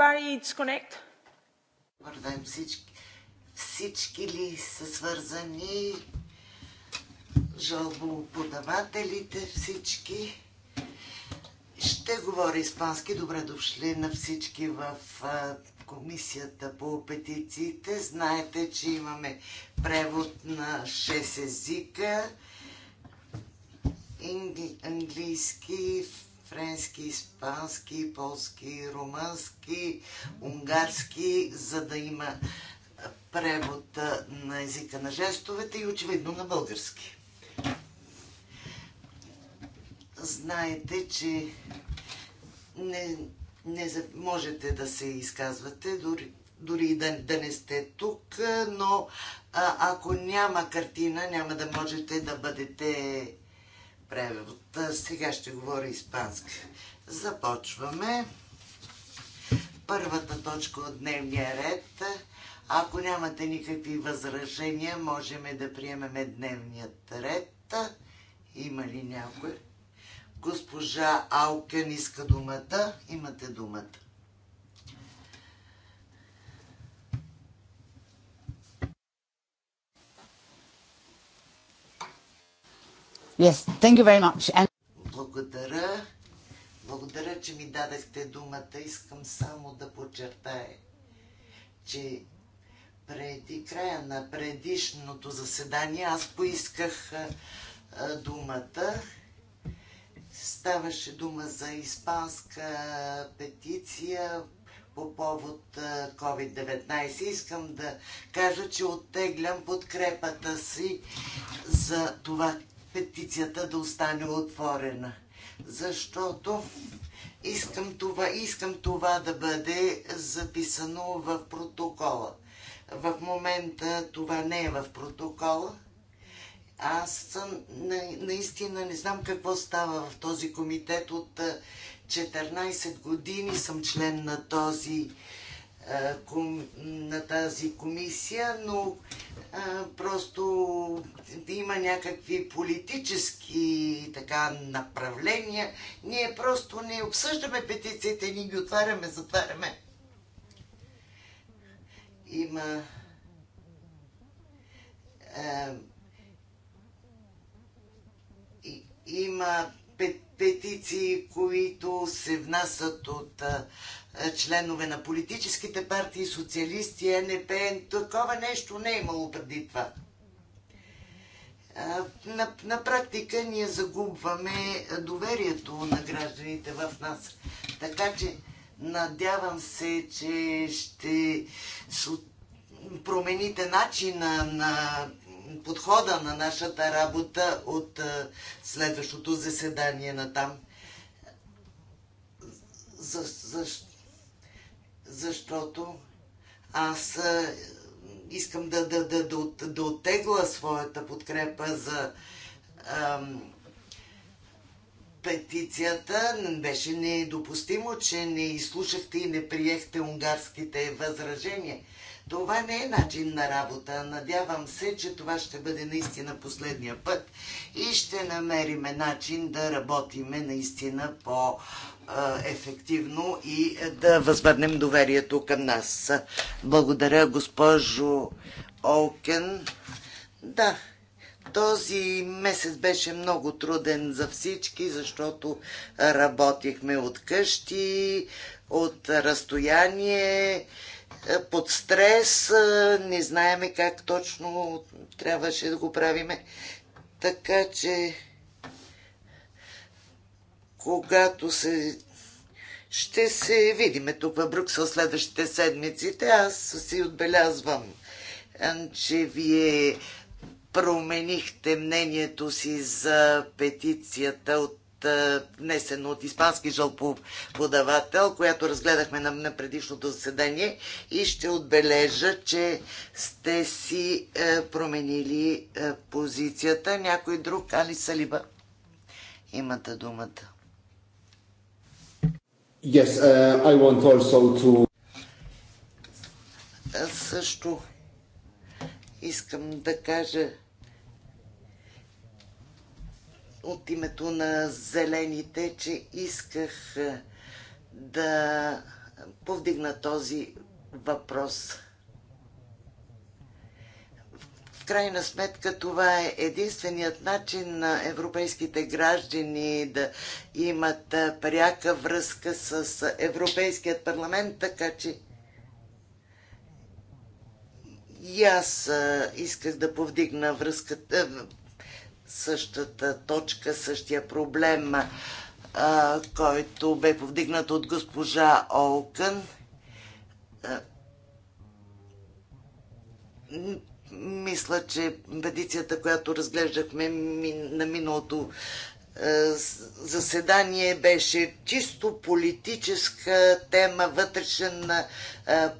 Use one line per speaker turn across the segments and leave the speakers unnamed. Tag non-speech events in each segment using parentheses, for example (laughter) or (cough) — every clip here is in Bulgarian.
everybody is connect? Вървем всички. Всички ли са свързани? Жалбоподавателите всички. Ще говоря испански. Добре дошли на всички в комисията по петициите. Знаете, че имаме превод на 6 езика. английски, френски, испански, полски, румънски, унгарски, за да има превод на езика на жестовете и очевидно на български. Знаете, че не, не можете да се изказвате, дори, дори и да, да не сте тук, но а, ако няма картина, няма да можете да бъдете превод. Сега ще говоря испански. Започваме. Първата точка от дневния ред. Ако нямате никакви възражения, можем да приемем дневният ред. Има ли някой? Госпожа Алкен иска думата. Имате думата.
Yes, thank you very much. And...
Благодаря. Благодаря, че ми дадахте думата. Искам само да подчертая, че преди края на предишното заседание аз поисках думата. Ставаше дума за испанска петиция по повод COVID-19. Искам да кажа, че оттеглям подкрепата си за това петицията да остане отворена. Защото искам това, искам това да бъде записано в протокола. В момента това не е в протокола. Аз съм, наистина не знам какво става в този комитет. От 14 години съм член на този на тази комисия, но просто има някакви политически така направления. Ние просто не обсъждаме петициите, ни ги отваряме, затваряме. Има има петиции, които се внасят от е, членове на политическите партии, социалисти, НП, такова нещо не е имало преди това. Е, на, на практика ние загубваме доверието на гражданите в нас. Така че надявам се, че ще промените начина на подхода на нашата работа от е, следващото заседание на там. За, защо? защото аз искам да, да, да, да, да оттегла своята подкрепа за ам, петицията. Беше недопустимо, че не изслушахте и не приехте унгарските възражения. Това не е начин на работа. Надявам се, че това ще бъде наистина последния път и ще намериме начин да работиме наистина по ефективно и да възвърнем доверието към нас. Благодаря, госпожо Олкен. Да, този месец беше много труден за всички, защото работихме от къщи, от разстояние е, под стрес, е, не знаеме как точно трябваше да го правиме. Така че, когато се ще се видиме тук в Брюксел следващите седмиците. Аз си отбелязвам, е, че вие променихте мнението си за петицията от е, внесен от испански жалпоподавател, която разгледахме на, на предишното заседание и ще отбележа, че сте си е, променили е, позицията. Някой друг, Али Салиба, имате думата. Yes, uh, I want also to... Аз също искам да кажа от името на зелените, че исках е, да повдигна този въпрос. В крайна сметка това е единственият начин на европейските граждани да имат е, пряка връзка с Европейският парламент, така че и аз е, исках да повдигна връзката, същата точка, същия проблем, а, който бе повдигнат от госпожа Олкън. мисля, че петицията, която разглеждахме на миналото заседание беше чисто политическа тема, вътрешен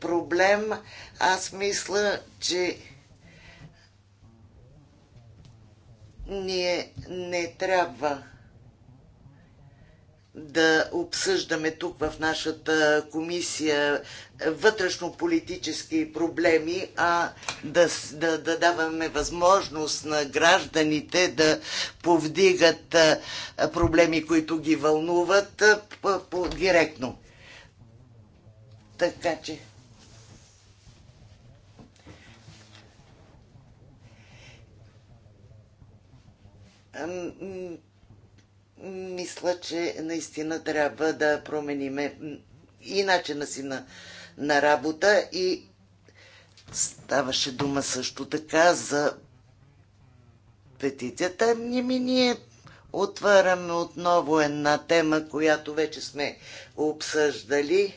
проблем. Аз мисля, че Ние не трябва да обсъждаме тук в нашата комисия вътрешно-политически проблеми, а да, да, да даваме възможност на гражданите да повдигат проблеми, които ги вълнуват по, по, директно. Така че мисля, че наистина трябва да промениме и начина си на, на работа и ставаше дума също така за петицията. Ми ние отваряме отново една тема, която вече сме обсъждали.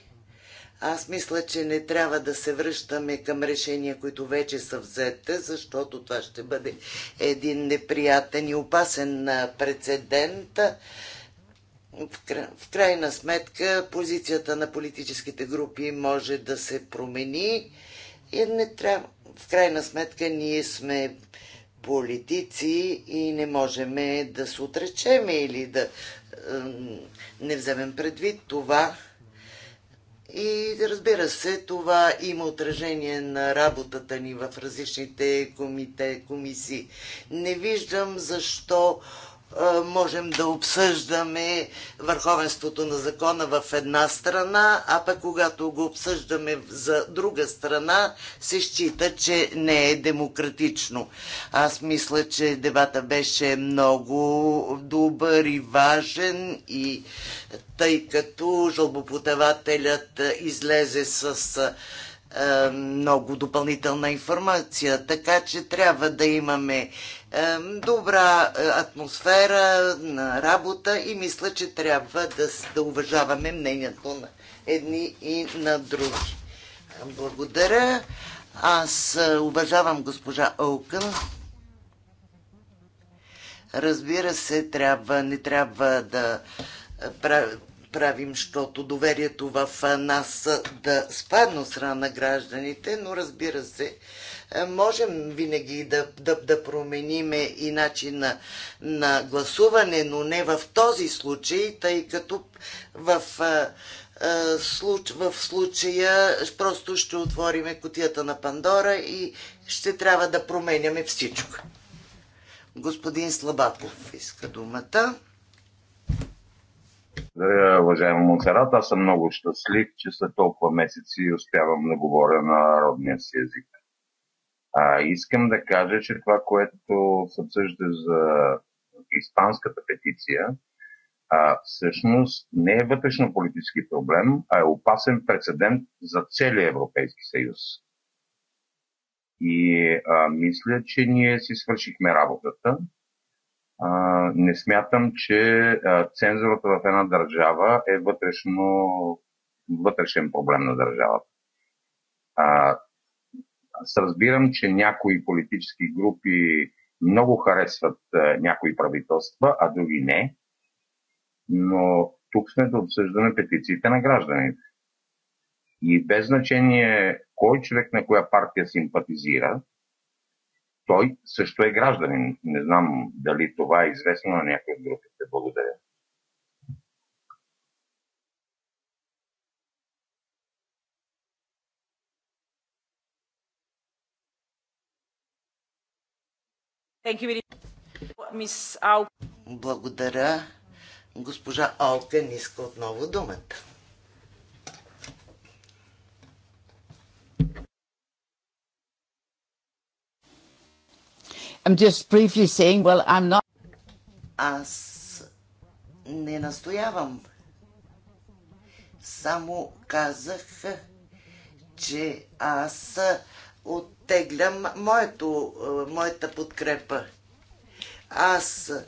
Аз мисля, че не трябва да се връщаме към решения, които вече са взете, защото това ще бъде един неприятен и опасен прецедент. В крайна сметка позицията на политическите групи може да се промени и не трябва. В крайна сметка ние сме политици и не можем да се отречеме или да не вземем предвид това, и разбира се, това има отражение на работата ни в различните комите, комисии. Не виждам защо можем да обсъждаме върховенството на закона в една страна, а пък когато го обсъждаме за друга страна, се счита, че не е демократично. Аз мисля, че дебата беше много добър и важен и тъй като жълбопотавателят излезе с много допълнителна информация, така че трябва да имаме добра е, атмосфера на работа и мисля, че трябва да, да уважаваме мнението на едни и на други. Благодаря. Аз е, уважавам госпожа Олкън. Разбира се, трябва, не трябва да е, правим, защото доверието в нас да спадне от страна на гражданите, но разбира се, можем винаги да, да, да промениме и начин на гласуване, но не в този случай, тъй като в, в случая просто ще отвориме котията на Пандора и ще трябва да променяме
всичко.
Господин Слабаков иска думата.
Здравия, уважаема Монсерат. Аз съм много щастлив, че след толкова месеци успявам да говоря на родния си език. А, искам да кажа, че това, което се обсъжда за испанската петиция, а, всъщност не е вътрешно политически проблем, а е опасен прецедент за целия Европейски съюз. И а, мисля, че ние си свършихме работата. А, не смятам, че а, цензурата в една държава е вътрешно, вътрешен проблем на държавата. А, аз разбирам, че някои политически групи много харесват е, някои правителства, а други не. Но тук сме да обсъждаме петициите на гражданите. И без значение кой човек на коя партия симпатизира, той също е гражданин. Не знам дали това е известно на някои от групите. Благодаря.
Благодаря. Госпожа Алкен иска отново думата. I'm just briefly saying, well, I'm not... Аз не настоявам. Само казах, че аз оттеглям моето, е, моята подкрепа. Аз е,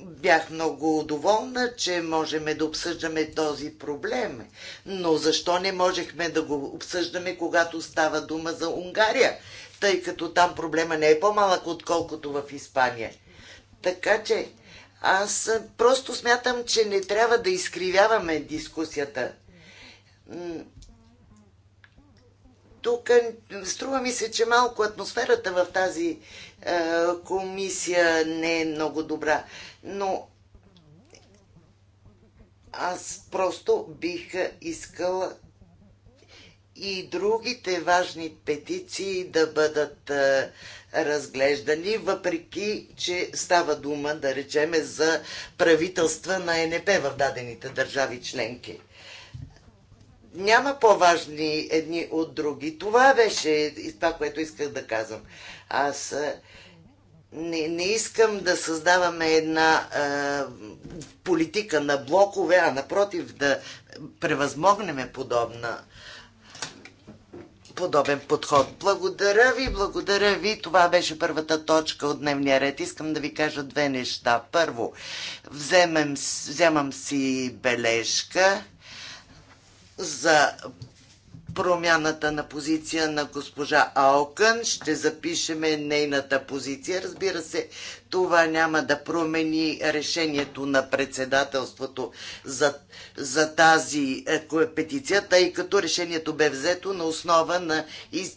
бях много доволна, че можем да обсъждаме този проблем. Но защо не можехме да го обсъждаме, когато става дума за Унгария? Тъй като там проблема не е по-малък, отколкото в Испания. Така че аз е, просто смятам, че не трябва да изкривяваме дискусията тук струва ми се, че малко атмосферата в тази е, комисия не е много добра. Но аз просто бих искала и другите важни петиции да бъдат е, разглеждани, въпреки, че става дума, да речеме, за правителства на НП в дадените държави членки няма по-важни едни от други. Това беше и това, което исках да казвам. Аз не, не искам да създаваме една а, политика на блокове, а напротив да превъзмогнем подобна подобен подход. Благодаря ви, благодаря ви. Това беше първата точка от дневния ред. Искам да ви кажа две неща. Първо, вземем, вземам си бележка за промяната на позиция на госпожа Аокън. Ще запишеме нейната позиция. Разбира се, това няма да промени решението на председателството за, за тази е, петиция, тъй като решението бе взето на основа на из,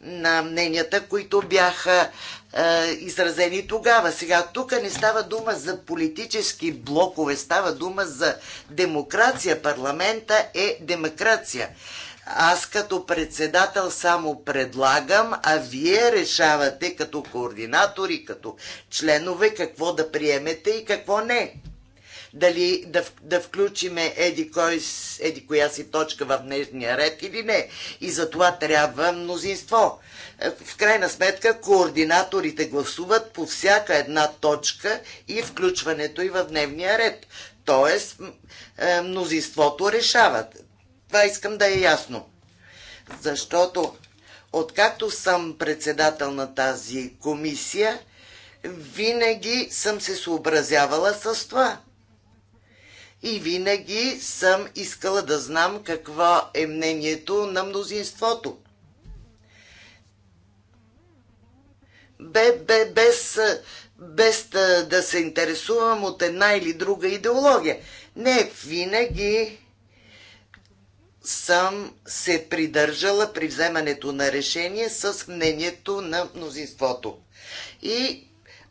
на мненията, които бяха е, изразени тогава. Сега тук не става дума за политически блокове, става дума за демокрация. Парламента е демокрация. Аз като председател само предлагам, а вие решавате като координатори, като членове какво да приемете и какво не дали да, да включиме еди, кой, еди коя си точка в днешния ред или не. И за това трябва мнозинство. Е, в крайна сметка координаторите гласуват по всяка една точка и включването и в дневния ред. Тоест, е, мнозинството решават. Това искам да е ясно. Защото откакто съм председател на тази комисия, винаги съм се съобразявала с това и винаги съм искала да знам какво е мнението на мнозинството. Бе, бе, без, без да, да се интересувам от една или друга идеология. Не, винаги съм се придържала при вземането на решение с мнението на мнозинството. И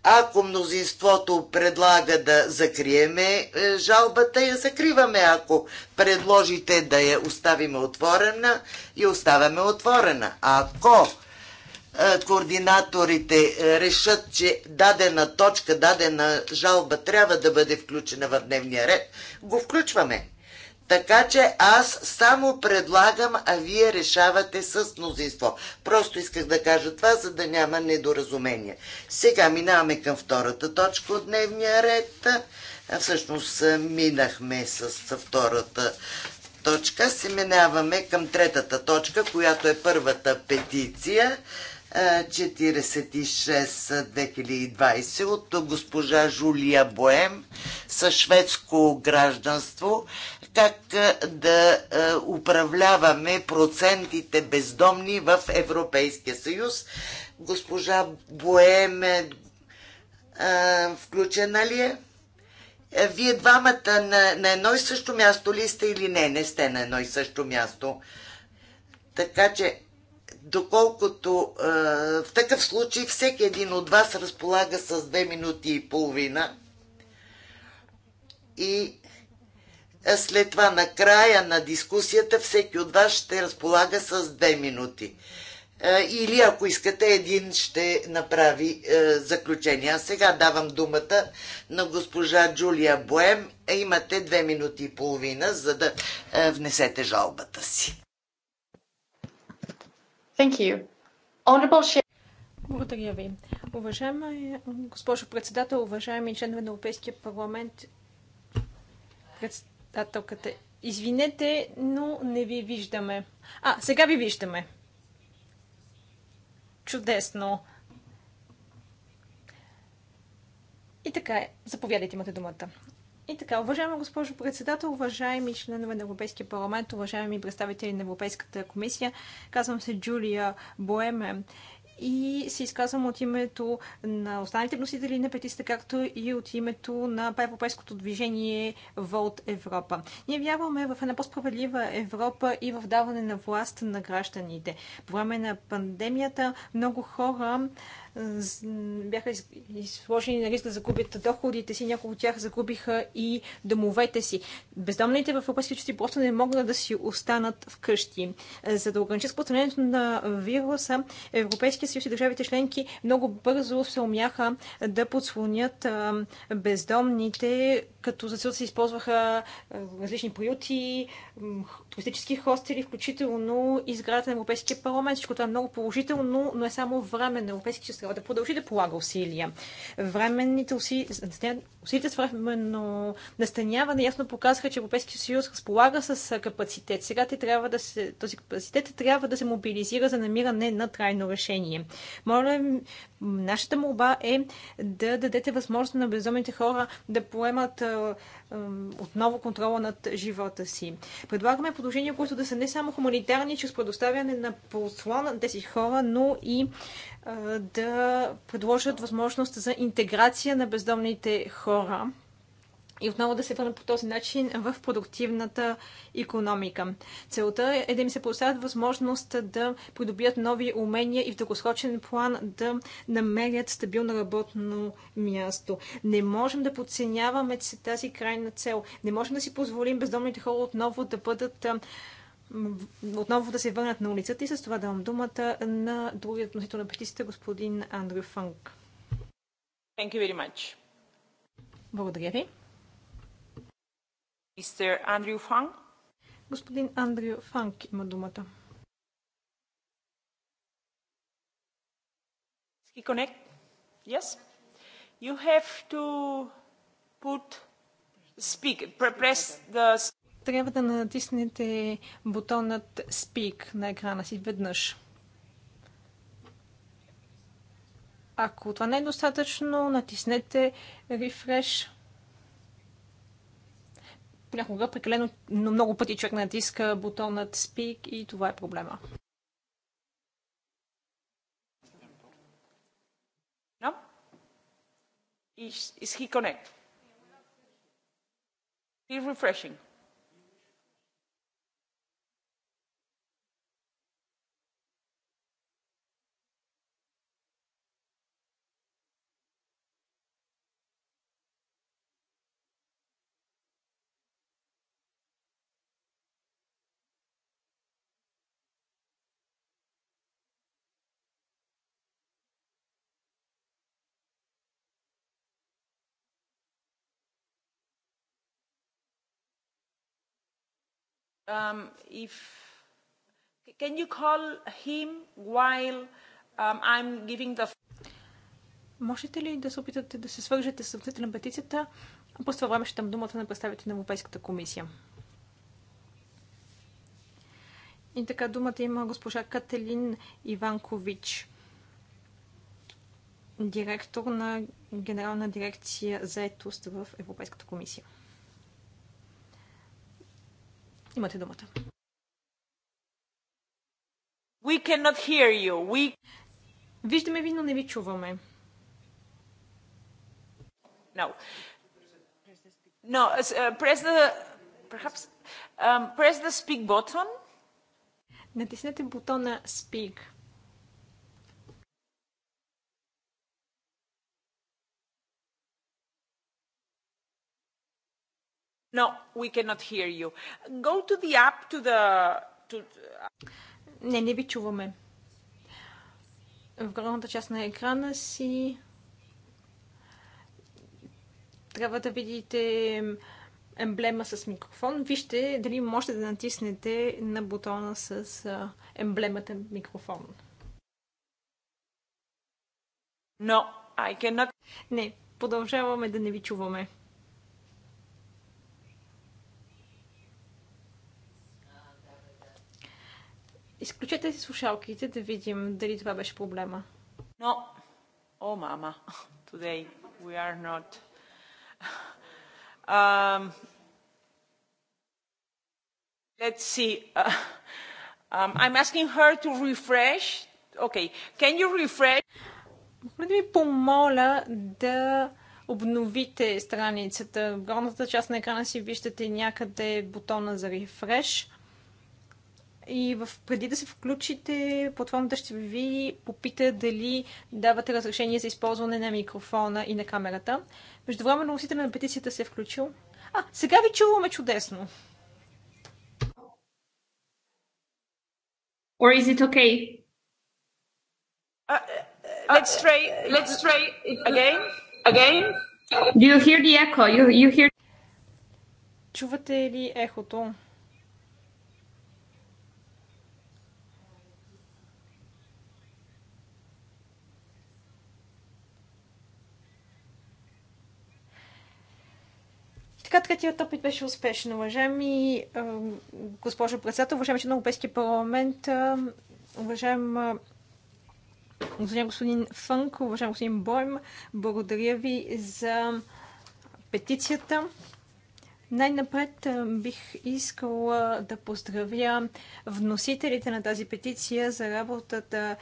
ако мнозинството предлага да закриеме е, жалбата, я закриваме. Ако предложите да я оставиме отворена, я оставаме отворена. Ако е, координаторите е, решат, че дадена точка, дадена жалба трябва да бъде включена в дневния ред, го включваме. Така че аз само предлагам, а вие решавате с мнозинство. Просто исках да кажа това, за да няма недоразумение. Сега минаваме към втората точка от дневния ред. Всъщност минахме с втората точка. Се минаваме към третата точка, която е първата петиция. 46-2020 от госпожа Жулия Боем със шведско гражданство как да управляваме процентите бездомни в Европейския съюз. Госпожа Боеме включена ли е? е? Вие двамата на, на едно и също място ли сте или не? Не сте на едно и също място. Така че, доколкото в такъв случай всеки един от вас разполага с две минути и половина и след това на края на дискусията всеки от вас ще разполага с две минути. Е, или ако искате, един ще направи е, заключение. А сега давам думата на госпожа Джулия Боем. Е, имате две минути и половина, за да внесете жалбата си.
Thank you. Honorable благодаря ви. Уважаема госпожо председател, уважаеми членове на Европейския парламент, пред председателката. Извинете, но не ви виждаме. А, сега ви виждаме. Чудесно. И така, е. заповядайте, имате думата. И така, уважаема госпожо председател, уважаеми членове на Европейския парламент, уважаеми представители на Европейската комисия, казвам се Джулия Боеме и се изказвам от името на останалите вносители на петиста, както и от името на европейското движение Волт Европа. Ние вярваме в една по-справедлива Европа и в даване на власт на гражданите. По време на пандемията много хора бяха изложени на риск да загубят доходите си, няколко от тях загубиха и домовете си. Бездомните в Европейския съюз просто не могат да си останат вкъщи. За да ограничат разпространението на вируса, Европейския съюз и държавите членки много бързо се умяха да подслонят бездомните, като за цел се използваха различни приюти, туристически хостели, включително изградата на Европейския парламент. Всичко това е много положително, но е само време на Европейския съюз трябва да продължи да полага усилия. Временните усилия, усилията с временно настаняване ясно показаха, че Европейския съюз разполага с капацитет. Сега те трябва да се, този капацитет трябва да се мобилизира за намиране на трайно решение. Моля Нашата молба е да дадете възможност на безумните хора да поемат отново контрола над живота си. Предлагаме положения, които да са не само хуманитарни, чрез предоставяне на послон на тези хора, но и да предложат възможност за интеграция на бездомните хора и отново да се върна по този начин в продуктивната економика. Целта е да им се поставят възможност да придобият нови умения и в дългосрочен план да намерят стабилно работно място. Не можем да подценяваме тази крайна цел. Не можем да си позволим бездомните хора отново да бъдат отново да се върнат на улицата и с това давам думата на другият относител на петицията, господин Андрю Фанк. Благодаря ви.
Mr. Andrew Fang.
Господин Андрю Фанк има думата.
Ски Connect? Yes? You have to put speak, press the...
Трябва да натиснете бутонът Speak на екрана си веднъж. Ако това не е достатъчно, натиснете Refresh понякога прекалено но много пъти човек натиска бутонът Speak и това е
проблема. No? Is, is he connect? He's refreshing. um, if can you call him while um, I'm giving the
Можете ли да се опитате да се свържете с съвтите на петицията? После това време ще дам думата на представите на Европейската комисия. И така думата има госпожа Кателин Иванкович, директор на Генерална дирекция за етост в Европейската комисия. Имате думата.
We cannot hear you. We... Виждаме ви, но не ви чуваме. No. No, uh, press the... Perhaps... Um, press the speak button.
Натиснете бутона speak.
No, we cannot hear you. Go to the app, to the... To...
Не, не ви чуваме. В горната част на екрана си трябва да видите емблема с микрофон. Вижте дали можете да натиснете на бутона с емблемата микрофон. No, I cannot. Не, продължаваме да не ви чуваме. Изключете си слушалките да видим дали това беше проблема.
Но, о мама, (laughs) today we are not. Um, let's see. Uh, um, I'm asking her to refresh. Okay, can you refresh? Може да ми
помоля да обновите страницата. В горната част на екрана си виждате някъде бутона за рефреш. И в, преди да се включите, платформата ще ви попита дали давате разрешение за използване на микрофона и на камерата. Междувременно носителя на петицията се е включил. А, сега ви чуваме чудесно. Or is it okay?
Uh, uh let's try, let's try it again. Again.
Do you hear the echo? You, you hear... Чувате ли ехото? Така, третият опит беше успешен. Уважаеми госпожо председател, уважаеми че на Европейския парламент, уважаем уважаем господин Фънк, уважаем господин Бойм, благодаря ви за петицията. Най-напред бих искала да поздравя вносителите на тази петиция за работата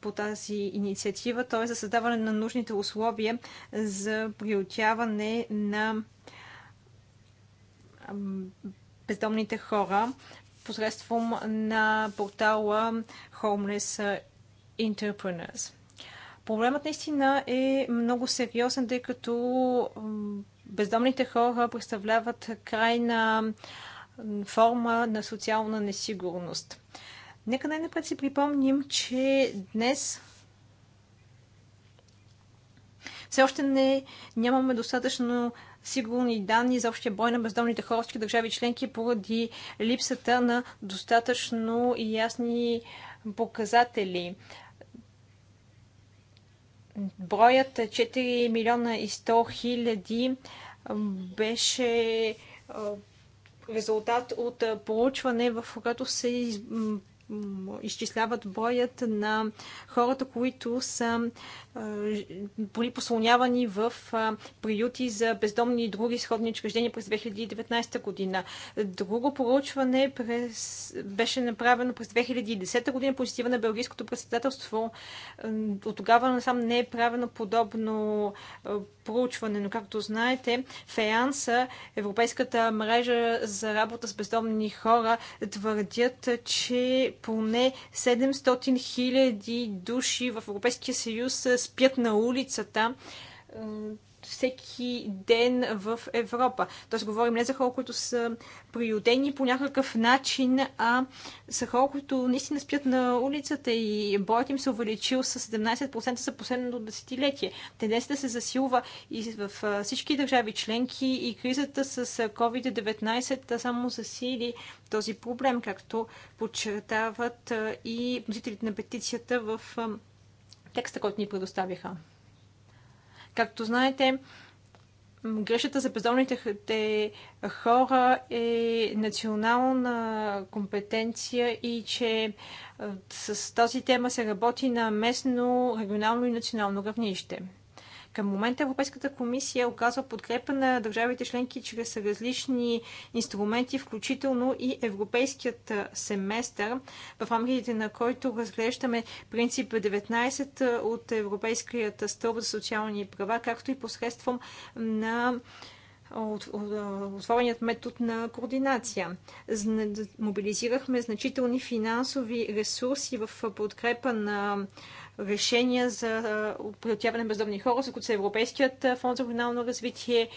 по тази инициатива, т.е. за създаване на нужните условия за приотяване на бездомните хора посредством на портала Homeless Entrepreneurs. Проблемът наистина е много сериозен, тъй като бездомните хора представляват крайна форма на социална несигурност. Нека най-напред си припомним, че днес все още не нямаме достатъчно сигурни данни за общия бой на бездомните хорски държави членки поради липсата на достатъчно ясни показатели. Броят 4 милиона и 100 хиляди беше резултат от проучване, в което се изчисляват боят на хората, които са били послонявани в приюти за бездомни и други сходни учреждения през 2019 година. Друго проучване през, беше направено през 2010 година по инициатива на Белгийското председателство. От тогава насам не е правено подобно проучване, но както знаете, ФЕАНСА, Европейската мрежа за работа с бездомни хора, твърдят, че поне 700 хиляди души в Европейския съюз спят на улицата всеки ден в Европа. Тоест говорим не за хора, които са приютени по някакъв начин, а са хора, които наистина спят на улицата и броят им се увеличил с 17% за последното десетилетие. Тенденцията се засилва и в всички държави членки и кризата с COVID-19 само засили този проблем, както подчертават и носителите на петицията в текста, който ни предоставиха. Както знаете, грешата за бездомните хора е национална компетенция и че с тази тема се работи на местно, регионално и национално равнище. Към момента Европейската комисия оказва подкрепа на държавите членки чрез различни инструменти, включително и Европейският семестър, в рамките на който разглеждаме принцип 19 от Европейският стълб за социални права, както и посредством на отвореният метод на координация. Мобилизирахме значителни финансови ресурси в подкрепа на решения за приотяване на бездомни хора, за които са Европейският фонд за регионално развитие,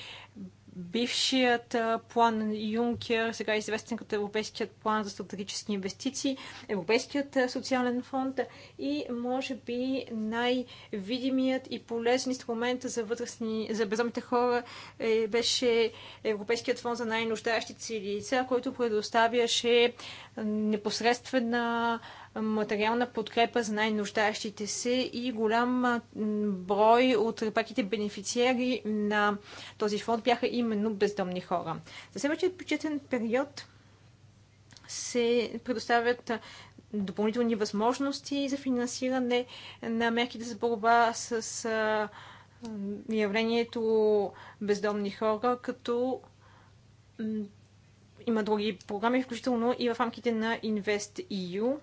бившият план Юнкер, сега е известен като Европейският план за стратегически инвестиции, Европейският социален фонд и може би най-видимият и полезен инструмент за, възрастни, за безумните хора е, беше Европейският фонд за най-нуждащите си лица, който предоставяше непосредствена материална подкрепа за най-нуждаещите се и голям брой от репаките бенефициери на този фонд бяха именно бездомни хора. За следващия бюджетен период се предоставят допълнителни възможности за финансиране на мерките за борба с явлението бездомни хора, като има други програми, включително и в рамките на Invest EU.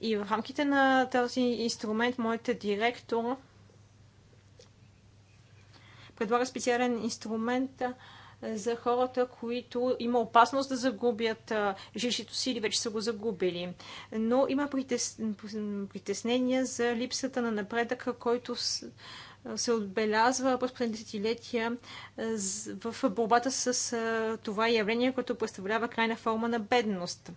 И в рамките на този инструмент, моят директор предлага специален инструмент за хората, които има опасност да загубят жилището си или вече са го загубили. Но има притеснения за липсата на напредъка, който с се отбелязва през последните десетилетия в борбата с това явление, което представлява крайна форма на бедност.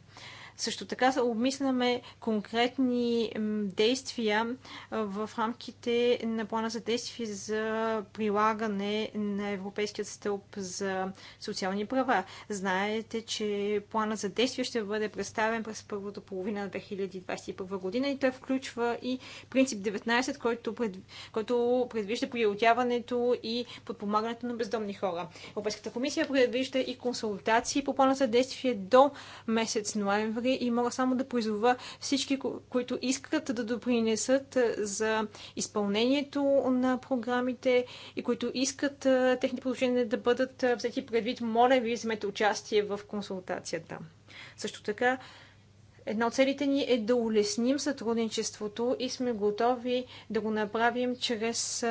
Също така обмисляме конкретни действия в рамките на плана за действие за прилагане на Европейският стълб за социални права. Знаете, че плана за действие ще бъде представен през първата половина на 2021 година и той включва и принцип 19, който, пред, който предвижда приотяването и подпомагането на бездомни хора. Европейската комисия предвижда и консултации по плана за действие до месец ноември преговори и мога само да призова всички, които искат да допринесат е, за изпълнението на програмите и които искат е, техни положения да бъдат е, взети предвид, моля ви, вземете участие в консултацията. Също така, Една от целите ни е да улесним сътрудничеството и сме готови да го направим чрез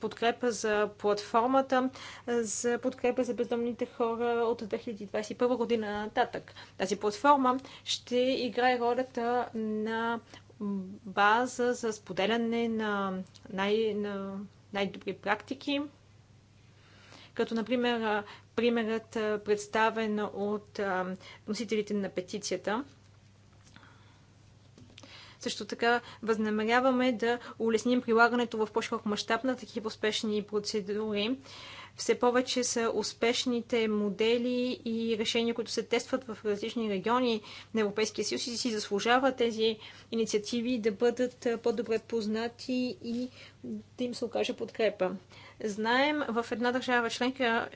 подкрепа за платформата, за подкрепа за бездомните хора от 2021 година нататък. Тази платформа ще играе ролята на база за споделяне на, най- на най-добри практики, като например примерът представен от носителите на петицията – също така възнамеряваме да улесним прилагането в по-широк мащаб на такива успешни процедури. Все повече са успешните модели и решения, които се тестват в различни региони на Европейския съюз и си заслужава тези инициативи да бъдат по-добре познати и да им се окаже подкрепа. Знаем, в една държава членка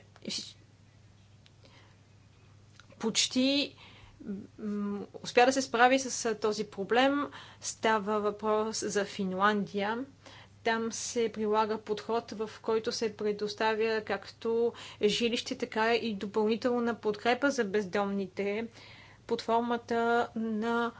почти успя да се справи с този проблем. Става въпрос за Финландия. Там се прилага подход, в който се предоставя както жилище, така и допълнителна подкрепа за бездомните под формата на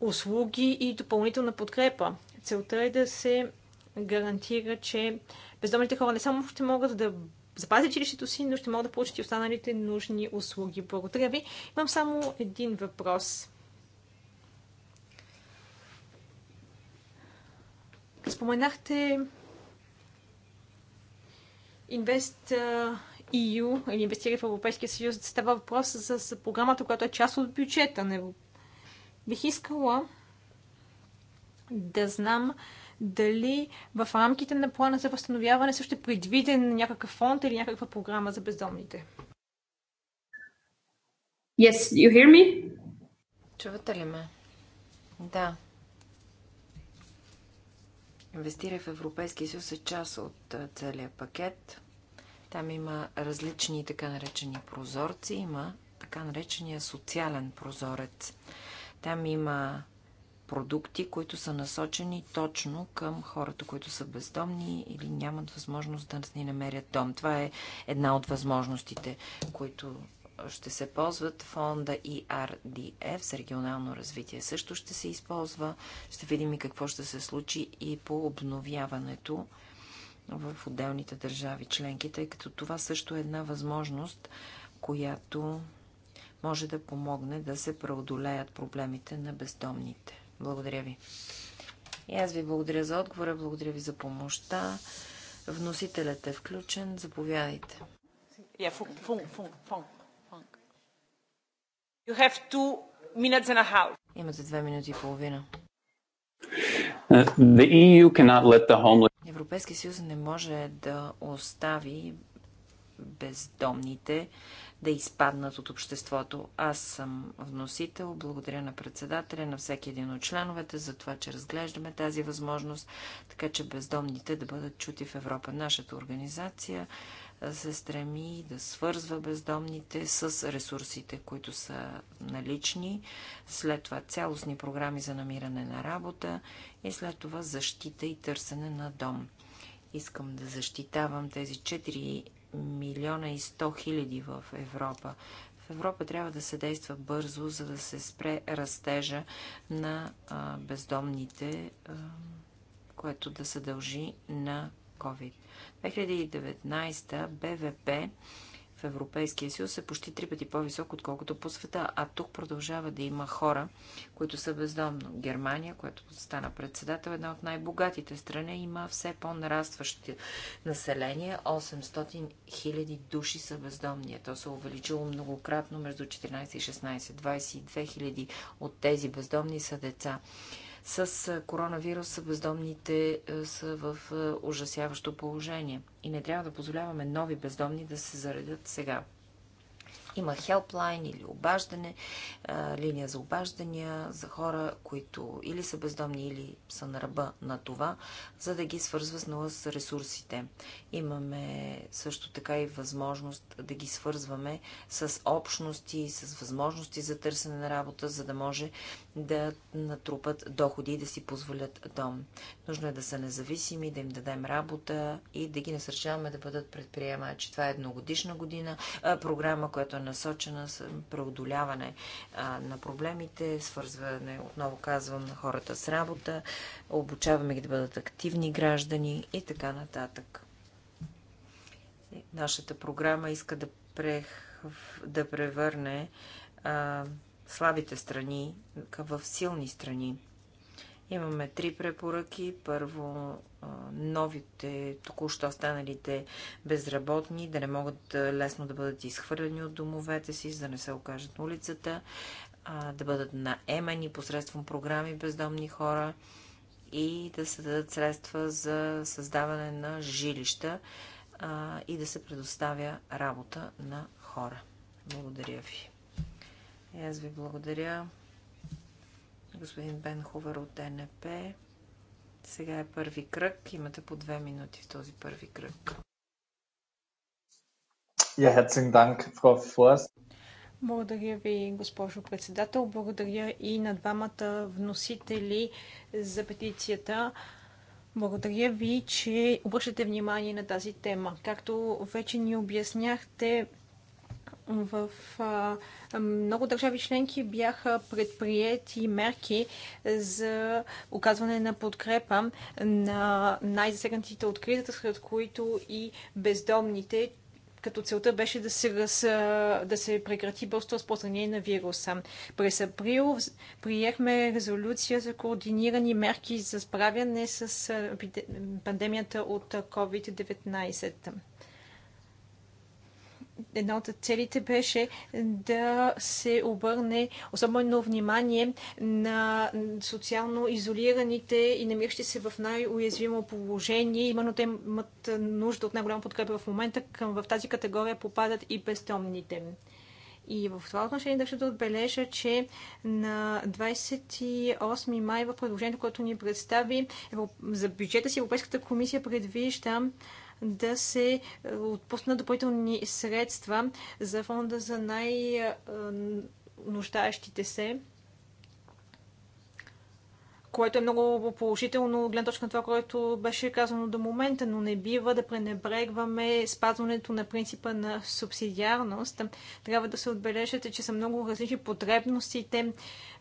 услуги и допълнителна подкрепа. Целта е да се гарантира, че бездомните хора не само ще могат да запазят жилището си, но ще могат да получат и останалите нужни услуги. Благодаря ви. Имам само един въпрос. Споменахте Инвест EU или инвестира в Европейския съюз, става въпрос за, за програмата, която е част от бюджета на Европа. Бих искала да знам дали в рамките на плана за възстановяване също е предвиден някакъв фонд или някаква програма за бездомните. Yes, you hear me? Чувате ли ме?
Да. Инвестирай в Европейския съюз е част от целия пакет. Там има различни така наречени прозорци, има така наречения социален прозорец. Там има продукти, които са насочени точно към хората, които са бездомни или нямат възможност да ни намерят дом. Това е една от възможностите, които ще се ползват. Фонда ERDF за регионално развитие също ще се използва. Ще видим и какво ще се случи и по обновяването в отделните държави членки, тъй като това също е една възможност, която може да помогне да се преодолеят проблемите на бездомните. Благодаря ви. И аз ви благодаря за отговора, благодаря ви за помощта. Вносителят е включен. Заповядайте.
Yeah, fun, fun, fun, You have two minutes and a half.
Имате две минути и половина.
Uh, the EU cannot let the homeless...
Европейския съюз не може да остави бездомните да изпаднат от обществото. Аз съм вносител, благодаря на председателя, на всеки един от членовете за това, че разглеждаме тази възможност, така че бездомните да бъдат чути в Европа. Нашата организация се стреми да свързва бездомните с ресурсите, които са налични, след това цялостни програми за намиране на работа и след това защита и търсене на дом. Искам да защитавам тези четири милиона и 100 хиляди в Европа. В Европа трябва да се действа бързо, за да се спре растежа на а, бездомните, а, което да се дължи на COVID. 2019 БВП в Европейския съюз е почти три пъти по-висок, отколкото по света. А тук продължава да има хора, които са бездомно. Германия, която стана председател, една от най-богатите страни, има все по-нарастващи население. 800 хиляди души са бездомни. То се е увеличило многократно между 14 и 16. 22 хиляди от тези бездомни са деца с коронавируса бездомните са в ужасяващо положение. И не трябва да позволяваме нови бездомни да се заредят сега. Има хелплайн или обаждане, линия за обаждания за хора, които или са бездомни, или са на ръба на това, за да ги свързва с, с ресурсите. Имаме също така и възможност да ги свързваме с общности, с възможности за търсене на работа, за да може да натрупат доходи и да си позволят дом. Нужно е да са независими, да им дадем работа и да ги насърчаваме да бъдат предприемачи. Това е едногодишна година, а, програма, която е насочена с преодоляване а, на проблемите, свързване, отново казвам, на хората с работа, обучаваме ги да бъдат активни граждани и така нататък. Нашата програма иска да, прех... да превърне а, слабите страни в силни страни. Имаме три препоръки. Първо, новите, току-що останалите безработни, да не могат лесно да бъдат изхвърлени от домовете си, за да не се окажат на улицата, да бъдат наемани посредством програми бездомни хора и да се дадат средства за създаване на жилища и да се предоставя работа на хора. Благодаря ви. И аз ви благодаря. Господин Бен Хувер от ДНП. Сега е първи кръг. Имате по две минути в този първи кръг.
Благодаря ви, госпожо председател. Благодаря и на двамата вносители за петицията. Благодаря ви, че обръщате внимание на тази тема. Както вече ни обясняхте, в много държави членки бяха предприяти мерки за оказване на подкрепа на най-засегнатите от кризата, сред които и бездомните, като целта беше да се, раз, да се прекрати бързото разпространение на вируса. През април приехме резолюция за координирани мерки за справяне с пандемията от COVID-19 една от целите беше да се обърне особено внимание на социално изолираните и намиращи се в най-уязвимо положение. Именно те имат нужда от най-голяма подкрепа в момента. Към в тази категория попадат и бездомните. И в това отношение държа да отбележа, че на 28 май в предложението, което ни представи за бюджета си Европейската комисия предвижда да се е, отпуснат допълнителни средства за фонда за най-нуждаещите е, се което е много положително от гледна точка на това, което беше казано до момента, но не бива да пренебрегваме спазването на принципа на субсидиарност. Трябва да се отбележате, че са много различни потребностите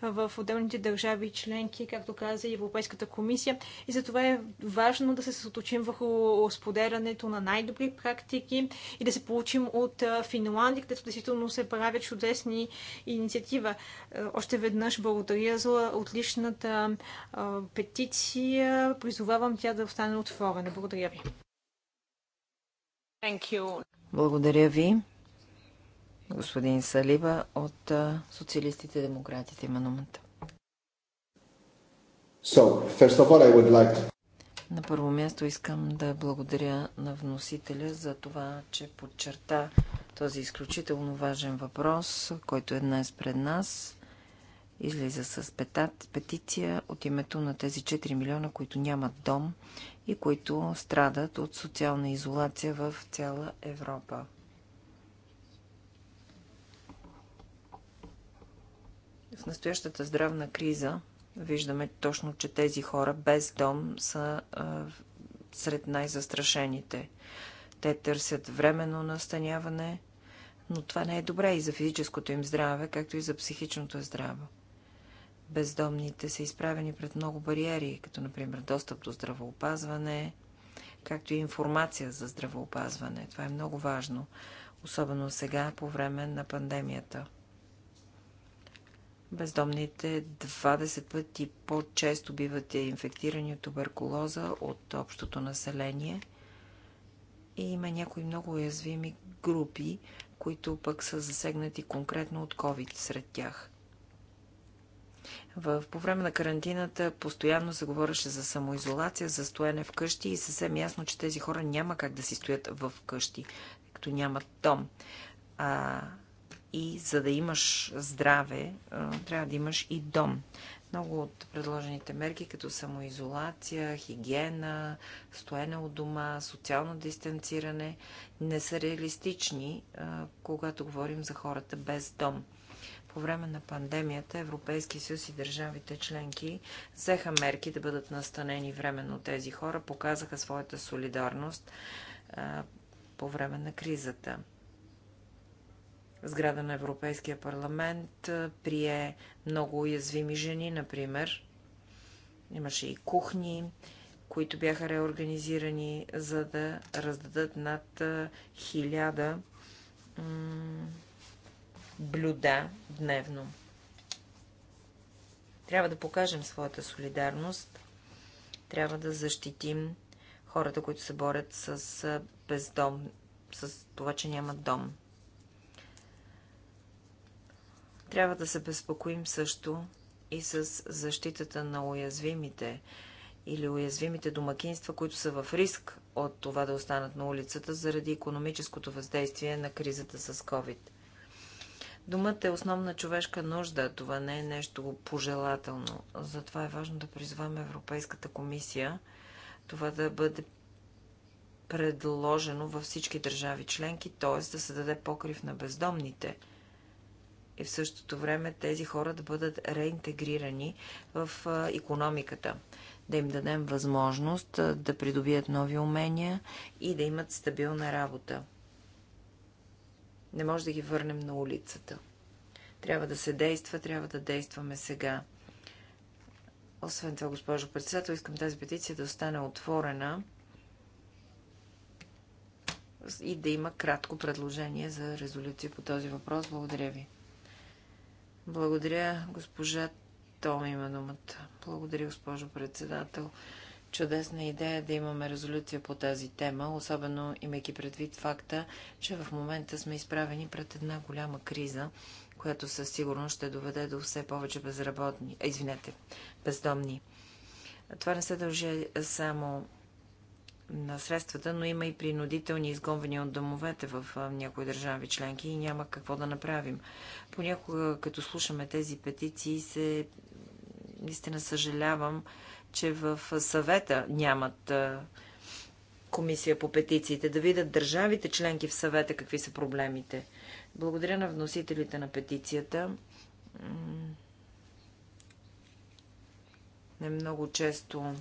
в отделните държави и членки, както каза и Европейската комисия. И затова е важно да се съсоточим върху споделянето на най-добри практики и да се получим от Финландия, където действително се правят чудесни инициатива. Е, още веднъж благодаря за отличната петиция. Призовавам тя да остане отворена. Благодаря ви.
Благодаря ви. Господин Салиба от Социалистите демократите има думата. So, first of all, I would like to... На първо място искам да благодаря на вносителя за това, че подчерта този изключително важен въпрос, който е днес пред нас излиза с петиция от името на тези 4 милиона, които нямат дом и които страдат от социална изолация в цяла Европа. В настоящата здравна криза виждаме точно, че тези хора без дом са а, сред най-застрашените. Те търсят временно настаняване, но това не е добре и за физическото им здраве, както и за психичното здраве бездомните са изправени пред много бариери, като например достъп до здравоопазване, както и информация за здравоопазване. Това е много важно, особено сега по време на пандемията. Бездомните 20 пъти по-често биват инфектирани от туберкулоза от общото население и има някои много уязвими групи, които пък са засегнати конкретно от COVID сред тях – в, по време на карантината постоянно се говореше за самоизолация, за стоене в къщи, и съвсем ясно, че тези хора няма как да си стоят в къщи, като нямат дом. А, и за да имаш здраве, трябва да имаш и дом. Много от предложените мерки, като самоизолация, хигиена, стоене от дома, социално дистанциране, не са реалистични, когато говорим за хората без дом. По време на пандемията Европейски съюз и държавите членки взеха мерки да бъдат настанени временно тези хора, показаха своята солидарност а, по време на кризата. Сграда на Европейския парламент прие много уязвими жени, например. Имаше и кухни, които бяха реорганизирани, за да раздадат над хиляда блюда дневно. Трябва да покажем своята солидарност, трябва да защитим хората, които се борят с бездом, с това, че нямат дом. Трябва да се безпокоим също и с защитата на уязвимите или уязвимите домакинства, които са в риск от това да останат на улицата заради економическото въздействие на кризата с COVID. Думата е основна човешка нужда. Това не е нещо пожелателно. Затова е важно да призваме Европейската комисия това да бъде предложено във всички държави членки, т.е. да се даде покрив на бездомните и в същото време тези хора да бъдат реинтегрирани в економиката. Да им дадем възможност да придобият нови умения и да имат стабилна работа. Не може да ги върнем на улицата. Трябва да се действа, трябва да действаме сега. Освен това, госпожо председател, искам тази петиция да остане отворена и да има кратко предложение за резолюция по този въпрос. Благодаря ви. Благодаря, госпожа Том има думата. Благодаря, госпожо председател чудесна идея да имаме резолюция по тази тема, особено имайки предвид факта, че в момента сме изправени пред една голяма криза, която със сигурност ще доведе до все повече безработни, извинете, бездомни. Това не се дължи само на средствата, но има и принудителни изгонвания от домовете в някои държави членки и няма какво да направим. Понякога, като слушаме тези петиции, се наистина съжалявам, че в съвета нямат комисия по петициите, да видят държавите членки в съвета какви са проблемите. Благодаря на вносителите на петицията. Не много често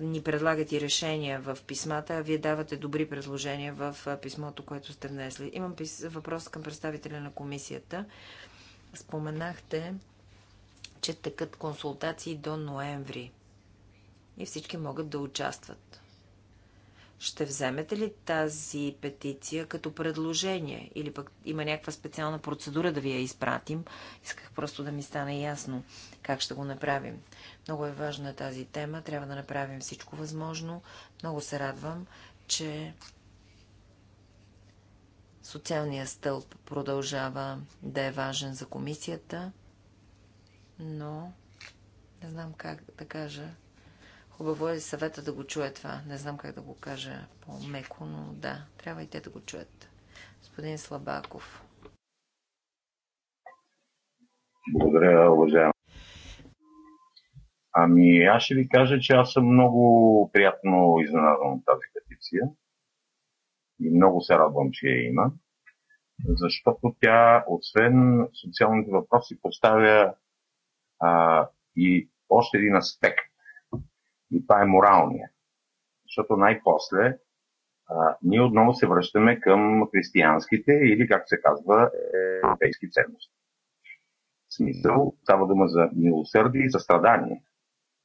ни предлагат и решения в писмата, а вие давате добри предложения в писмото, което сте внесли. Имам въпрос към представителя на комисията. Споменахте че тъкат консултации до ноември и всички могат да участват. Ще вземете ли тази петиция като предложение или пък има някаква специална процедура да ви я изпратим? Исках просто да ми стане ясно как ще го направим. Много е важна тази тема, трябва да направим всичко възможно. Много се радвам, че социалният стълб продължава да е важен за комисията но не знам как да кажа. Хубаво е съвета да го чуе това. Не знам как да го кажа по-меко, но да, трябва и те да го чуят. Господин Слабаков.
Благодаря, уважаема. Ами, аз ще ви кажа, че аз съм много приятно изненадан от тази петиция. И много се радвам, че я има. Защото тя, освен социалните въпроси, поставя а, и още един аспект. И това е моралния. Защото най-после а, ние отново се връщаме към християнските или, както се казва, европейски ценности. В смисъл става дума за милосърдие и за страдание.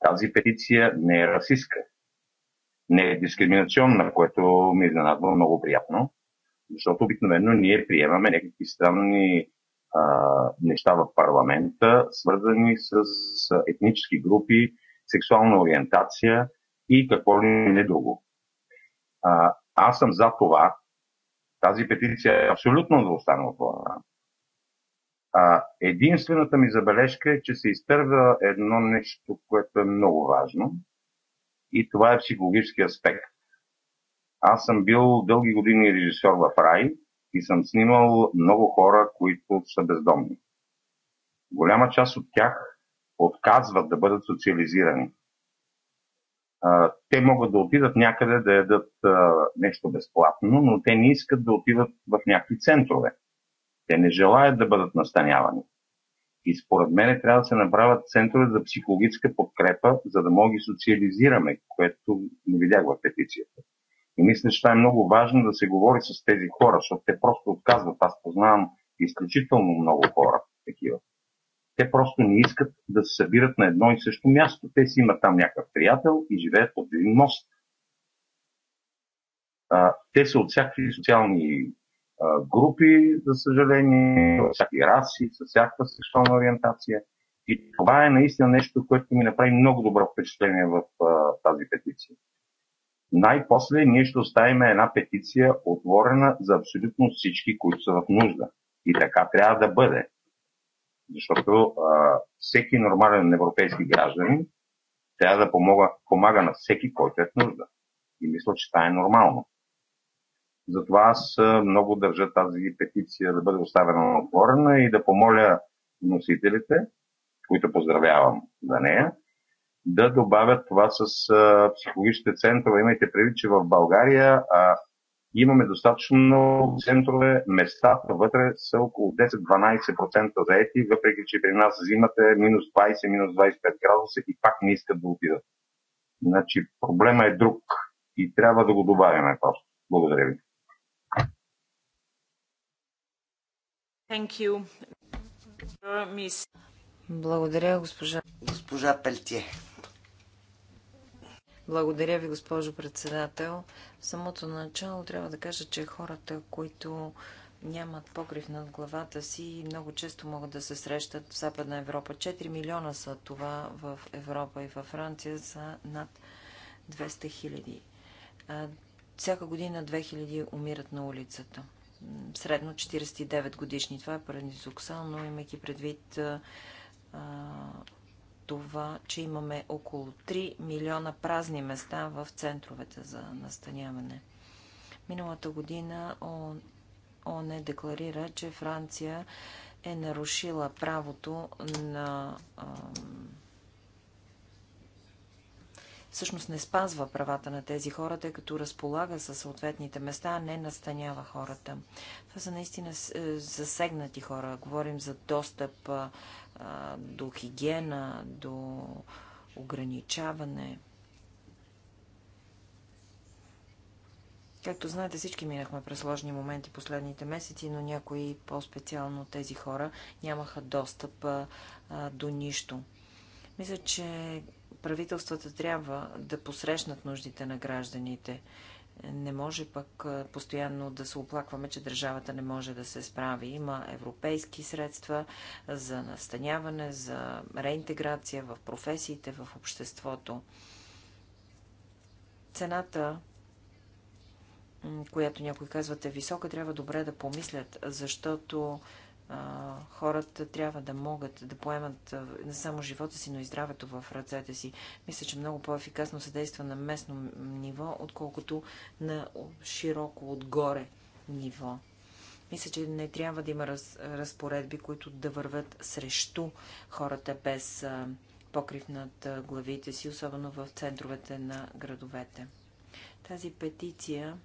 Тази петиция не е расистка, не е дискриминационна, което ми е изненадва много приятно, защото обикновено ние приемаме някакви странни неща в парламента, свързани с етнически групи, сексуална ориентация и какво ли не друго. А, аз съм за това. Тази петиция е абсолютно да остане единствената ми забележка е, че се изтърва едно нещо, което е много важно. И това е психологически аспект. Аз съм бил дълги години режисьор в Рай и съм снимал много хора, които са бездомни. Голяма част от тях отказват да бъдат социализирани. те могат да отидат някъде да ядат нещо безплатно, но те не искат да отидат в някакви центрове. Те не желаят да бъдат настанявани. И според мен трябва да се направят центрове за психологическа подкрепа, за да мога ги социализираме, което не видях в петицията. И мисля, че това е много важно да се говори с тези хора, защото те просто отказват. Аз познавам изключително много хора такива. Те просто не искат да се събират на едно и също място. Те си имат там някакъв приятел и живеят под един мост. А, те са от всякакви социални а, групи, за съжаление, от всяки раси, с всяка сексуална ориентация. И това е наистина нещо, което ми направи много добро впечатление в а, тази петиция. Най-после ние ще оставим една петиция отворена за абсолютно всички, които са в нужда. И така трябва да бъде. Защото а, всеки нормален европейски гражданин трябва да помога, помага на всеки, който е в нужда. И мисля, че това е нормално. Затова аз много държа тази петиция да бъде оставена отворена и да помоля носителите, които поздравявам за нея, да добавят това с а, психологичните центрове. Имайте предвид, че в България а, имаме достатъчно много центрове, местата вътре са около 10-12% заети, въпреки че при нас зимата е минус 20, минус 25 градуса и пак не искат да отидат. Значи проблема е друг и трябва да го добавяме просто. Благодаря ви.
Thank
you. Благодаря, госпожа. Госпожа Пелтие. Благодаря ви, госпожо председател. В самото начало трябва да кажа, че хората, които нямат покрив над главата си, много често могат да се срещат в Западна Европа. 4 милиона са това в Европа и във Франция са над 200 хиляди. Всяка година 2000 умират на улицата. Средно 49 годишни. Това е парадоксално, имайки предвид това, че имаме около 3 милиона празни места в центровете за настаняване. Миналата година ОНЕ он декларира, че Франция е нарушила правото на всъщност не спазва правата на тези хора, тъй като разполага със съответните места, а не настанява хората. Това са наистина е, засегнати хора. Говорим за достъп а, до хигиена, до ограничаване. Както знаете, всички минахме през сложни моменти последните месеци, но някои по-специално тези хора нямаха достъп а, до нищо. Мисля, че Правителствата трябва да посрещнат нуждите на гражданите. Не може пък постоянно да се оплакваме, че държавата не може да се справи. Има европейски средства за настаняване, за реинтеграция в професиите, в обществото. Цената, която някой казват е висока, трябва добре да помислят, защото хората трябва да могат да поемат не само живота си, но и здравето в ръцете си. Мисля, че много по-ефикасно се действа на местно ниво, отколкото на широко отгоре ниво. Мисля, че не трябва да има раз, разпоредби, които да върват срещу хората без а, покрив над главите си, особено в центровете на градовете. Тази петиция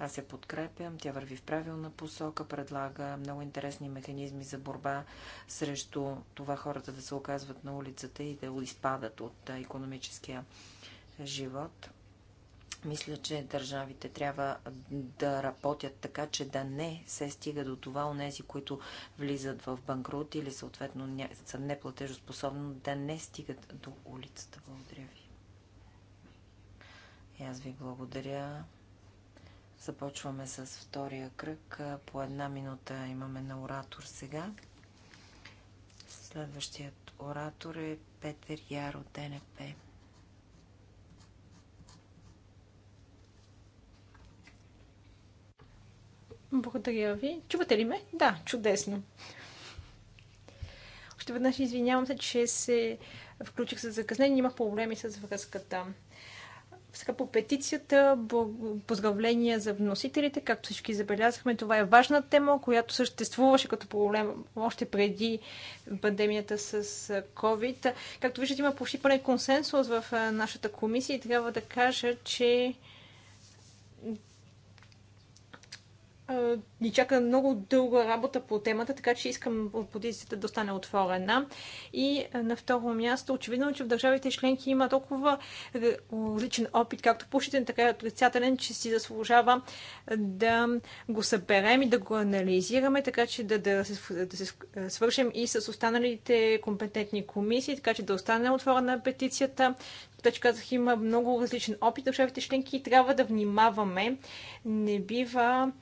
аз я подкрепям, тя върви в правилна посока, предлага много интересни механизми за борба срещу това хората да се оказват на улицата и да изпадат от економическия живот. Мисля, че държавите трябва да работят така, че да не се стига до това у нези, които влизат в банкрут или съответно са неплатежоспособни, да не стигат до улицата. Благодаря ви. И аз ви благодаря. Започваме с втория кръг. По една минута имаме на оратор сега. Следващият оратор е Петър Яр от ДНП.
Благодаря ви. Чувате ли ме? Да, чудесно. Още веднъж извинявам се, че се включих с закъснение. Имах проблеми с връзката. Сега по петицията, поздравления за вносителите. Както всички забелязахме, това е важна тема, която съществуваше като проблем още преди пандемията с COVID. Както виждате, има почти пълен консенсус в нашата комисия и трябва да кажа, че ни чака много дълга работа по темата, така че искам позицията да остане отворена. И на второ място, очевидно, че в държавите членки има толкова е, различен опит, както пушитен, така и отрицателен, че си заслужава да го съберем и да го анализираме, така че да, да, се, да се свършим и с останалите компетентни комисии, така че да остане отворена петицията. Така че казах, има много различен опит в държавите членки и трябва да внимаваме. Не бива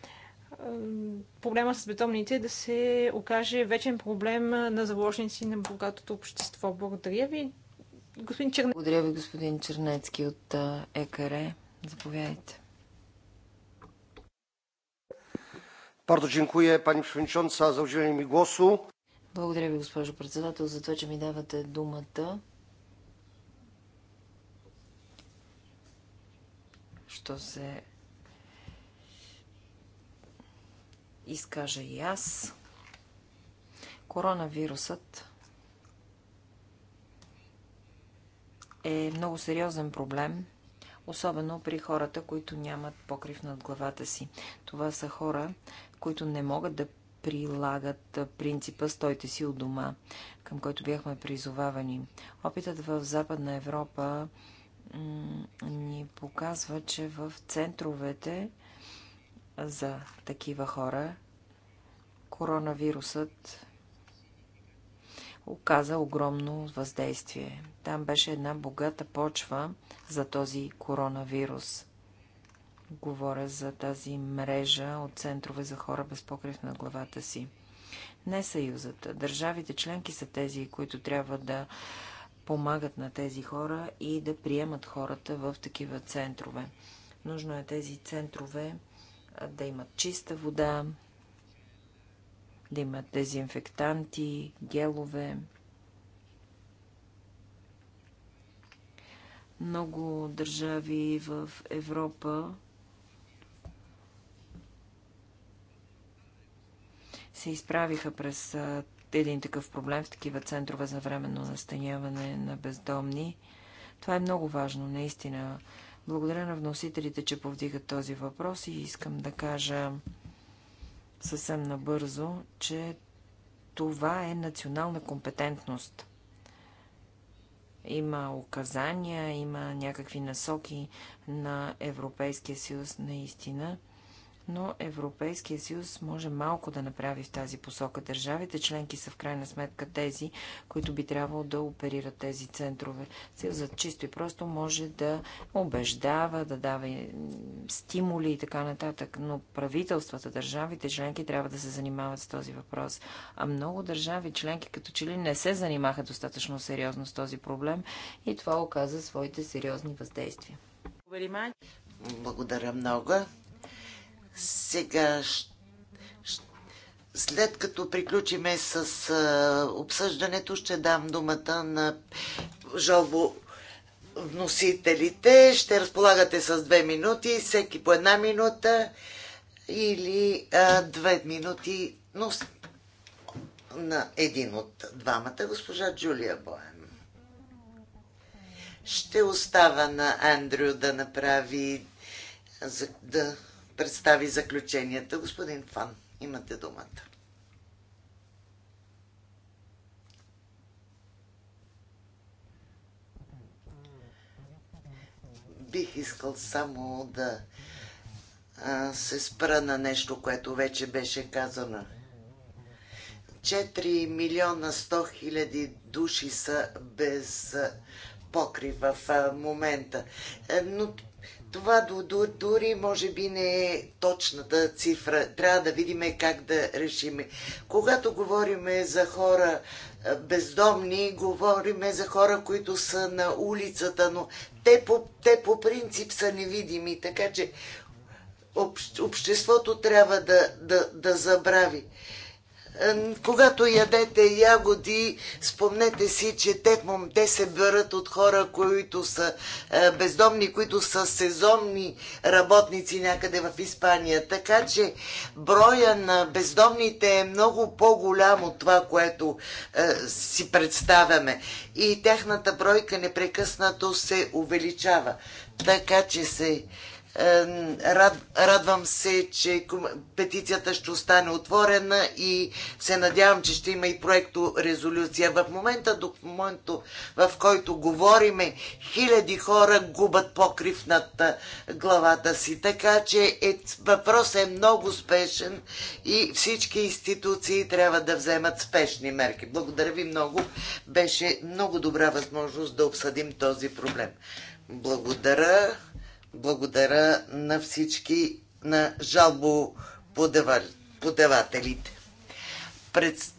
проблема с бетонните е да се окаже вечен проблем на заложници на богатото общество. Благодаря ви.
Господин Чернецки. Благодаря ви, господин Чернецки от ЕКР. Заповядайте.
Пардо, dziękuję пани Пшвенчонца, за udzielenie ми гласу.
Благодаря ви, госпожо председател, за това, че ми давате думата. Що се изкажа и аз. Коронавирусът е много сериозен проблем, особено при хората, които нямат покрив над главата си. Това са хора, които не могат да прилагат принципа «Стойте си от дома», към който бяхме призовавани. Опитът в Западна Европа ни показва, че в центровете за такива хора. Коронавирусът оказа огромно въздействие. Там беше една богата почва за този коронавирус. Говоря за тази мрежа от центрове за хора без покрив на главата си. Не Съюзът. Държавите членки са тези, които трябва да помагат на тези хора и да приемат хората в такива центрове. Нужно е тези центрове да имат чиста вода, да имат дезинфектанти, гелове. Много държави в Европа се изправиха през един такъв проблем в такива центрове за временно настаняване на бездомни. Това е много важно, наистина. Благодаря на вносителите, че повдигат този въпрос и искам да кажа съвсем набързо, че това е национална компетентност. Има указания, има някакви насоки на Европейския съюз наистина – но Европейския съюз може малко да направи в тази посока. Държавите членки са в крайна сметка тези, които би трябвало да оперират тези центрове. Съюзът чисто и просто може да убеждава, да дава стимули и така нататък, но правителствата, държавите членки трябва да се занимават с този въпрос. А много държави членки като че ли не се занимаха достатъчно сериозно с този проблем и това оказа своите сериозни въздействия.
Благодаря много. Сега след като приключиме с обсъждането, ще дам думата на жалбо вносителите. Ще разполагате с две минути, всеки по една минута или а, две минути, но на един от двамата, госпожа Джулия Боем. Ще остава на Андрю да направи да представи заключенията. Господин Фан, имате думата. Бих искал само да се спра на нещо, което вече беше казано. 4 милиона 100 хиляди души са без покрив в момента. Е, но това дори може би не е точната цифра. Трябва да видим как да решиме. Когато говорим за хора е, бездомни, говорим за хора, които са на улицата, но те по, те по принцип са невидими, така че обществото трябва да, да, да забрави когато ядете ягоди, спомнете си, че те, те се берат от хора, които са е, бездомни, които са сезонни работници някъде в Испания. Така че броя на бездомните е много по-голям от това, което е, си представяме. И тяхната бройка непрекъснато се увеличава. Така че се Рад, радвам се, че петицията ще остане отворена и се надявам, че ще има и проекто резолюция. В момента, до момента, в който говориме, хиляди хора губят покрив над главата си. Така че е, въпросът е много спешен и всички институции трябва да вземат спешни мерки. Благодаря ви много. Беше много добра възможност да обсъдим този проблем. Благодаря. Благодаря на всички на жалбоподавателите. Пред,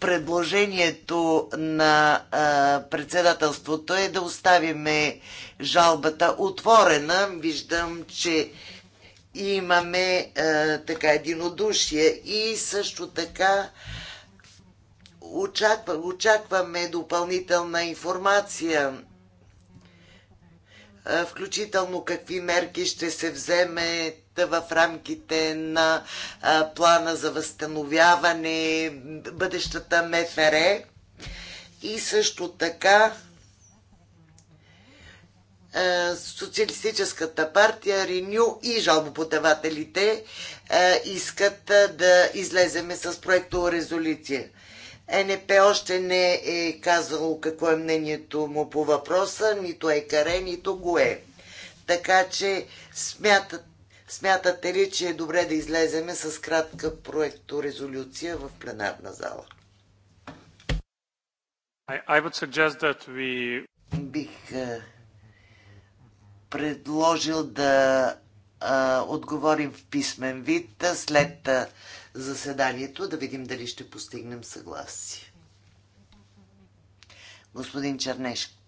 предложението на а, председателството е да оставиме жалбата отворена. Виждам, че имаме а, така единодушие и също така очаква, очакваме допълнителна информация включително какви мерки ще се вземе в рамките на плана за възстановяване, бъдещата МФР и също така Социалистическата партия, Реню и жалбоподавателите искат да излеземе с проекто резолюция. НП още не е казало какво е мнението му по въпроса, нито е каре, нито го е. Така че смятат, смятате ли, че е добре да излеземе с кратка проекторезолюция в пленарна зала?
I, I would suggest that we...
Бих предложил да а, отговорим в писмен вид след заседанието, да видим дали ще постигнем съгласие. Господин Чернешки.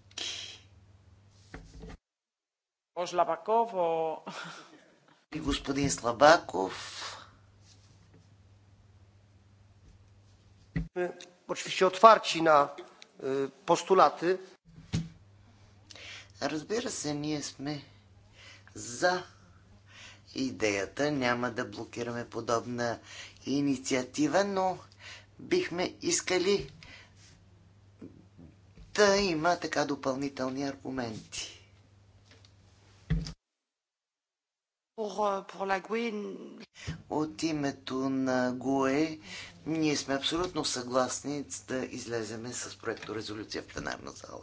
И господин Слабаков. Oczywiście отварчи на е, постулата. Разбира се, ние сме за идеята. Няма да блокираме подобна инициатива, но бихме искали да има така допълнителни аргументи. Euh, e От името на ГУЕ e, ние сме абсолютно съгласни да излеземе с проекто резолюция в пленарна зала.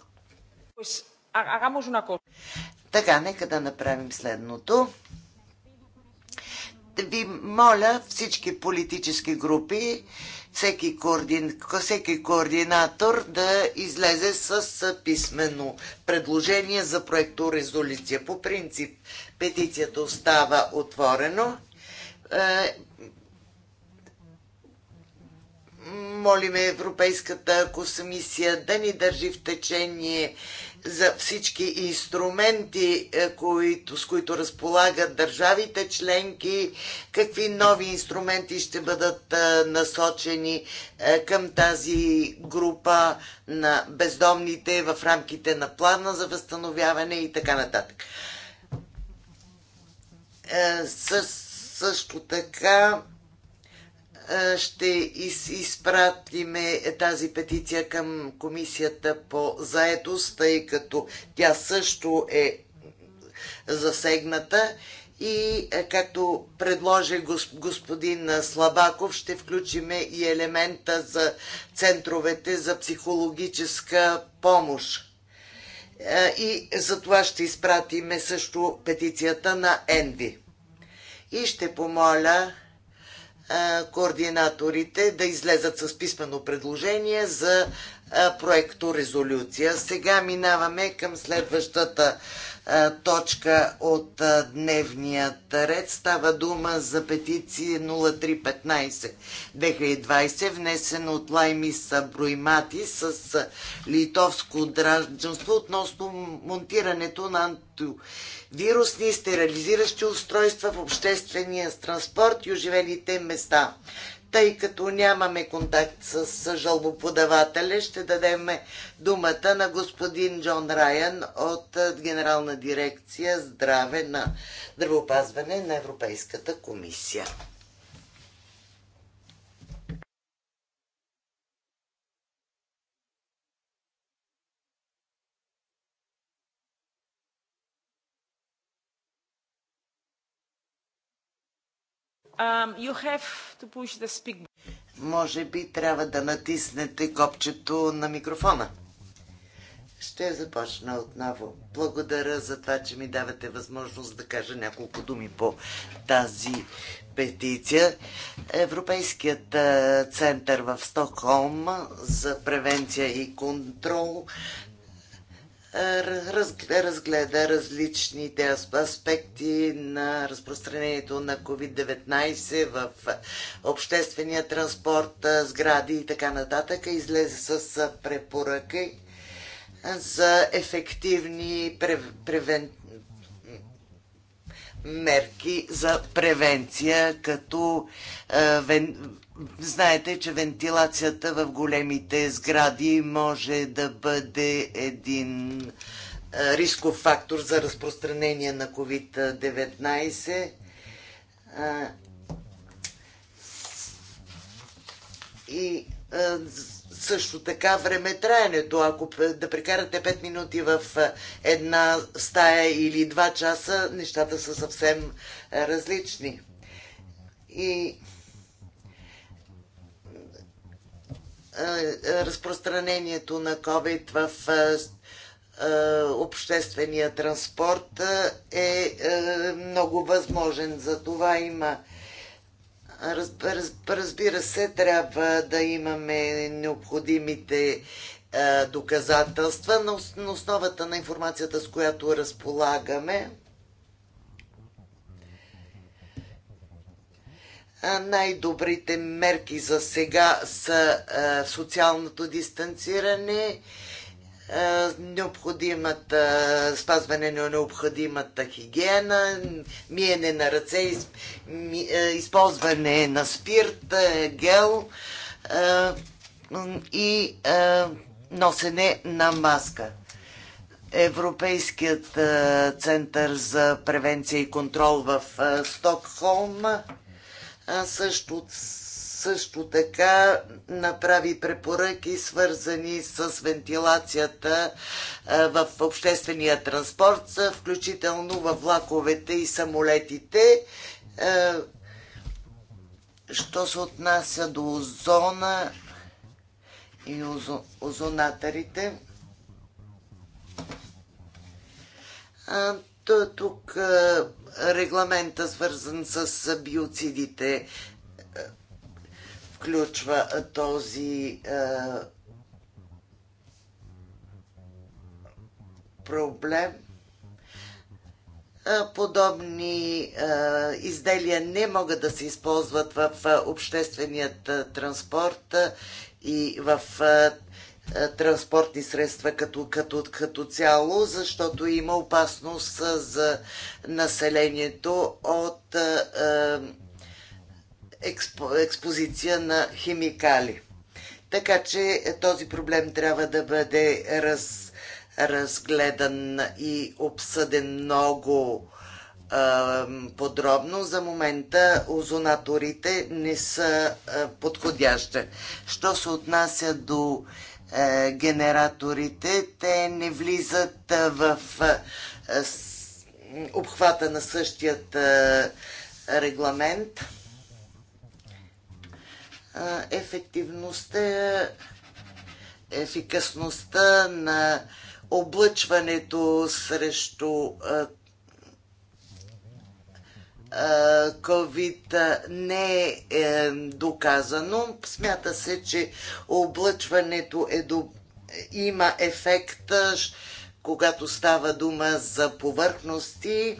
Така, нека да направим следното ви моля всички политически групи, всеки, координ, всеки координатор да излезе с писмено предложение за проекто резолюция. По принцип петицията остава отворено. Е, молиме Европейската комисия да ни държи в течение за всички инструменти, е, които, с които разполагат държавите членки, какви нови инструменти ще бъдат е, насочени е, към тази група на бездомните в рамките на плана за възстановяване и така нататък. Със също така ще из, изпратиме тази петиция към комисията по заетост, тъй като тя също е засегната и както предложи господин Слабаков, ще включиме и елемента за центровете за психологическа помощ. И за това ще изпратиме също петицията на Енви. И ще помоля координаторите да излезат с писмено предложение за проекто резолюция. Сега минаваме към следващата точка от дневния ред. Става дума за петиции 0315-2020, внесена от Лаймиса Бруймати с литовско гражданство относно монтирането на антивирусни стерилизиращи устройства в обществения транспорт и оживелите места тъй като нямаме контакт с, с жалбоподавателя, ще дадем думата на господин Джон Райан от е, Генерална дирекция Здраве на здравеопазване на Европейската комисия.
Um,
Може би трябва да натиснете копчето на микрофона. Ще започна отново. Благодаря за това, че ми давате възможност да кажа няколко думи по тази петиция. Европейският център в Стокхолм за превенция и контрол разгледа различните аспекти на разпространението на COVID-19 в обществения транспорт, сгради и така нататък. Излезе с препоръки за ефективни превентивни мерки за превенция, като а, е, вен... знаете, че вентилацията в големите сгради може да бъде един е, рисков фактор за разпространение на COVID-19. Е, и също така времетраенето. Ако да прекарате 5 минути в една стая или 2 часа, нещата са съвсем различни. И разпространението на COVID в обществения транспорт е много възможен. За това има Разбира се, трябва да имаме необходимите е, доказателства на основата на информацията, с която разполагаме. Е, най-добрите мерки за сега са е, социалното дистанциране, е, необходимата, спазване на необходимата хигиена, миене на ръце, е, използване на спирт, е, гел и носене на маска. Европейският център за превенция и контрол в Стокхолм също също така направи препоръки, свързани с вентилацията в обществения транспорт, включително в влаковете и самолетите. Що се отнася до озона и озонатарите, тук регламента, свързан с биоцидите, включва този проблем. Подобни изделия не могат да се използват в общественият транспорт и в транспортни средства като, като, като цяло, защото има опасност за населението от а, експо, експозиция на химикали. Така че този проблем трябва да бъде раз, разгледан и обсъден много е, подробно. За момента озонаторите не са е, подходящи. Що се отнася до е, генераторите, те не влизат в е, обхвата на същият е, регламент ефективността, ефикасността на облъчването срещу COVID не е, е доказано. Смята се, че облъчването е до... има ефект, когато става дума за повърхности,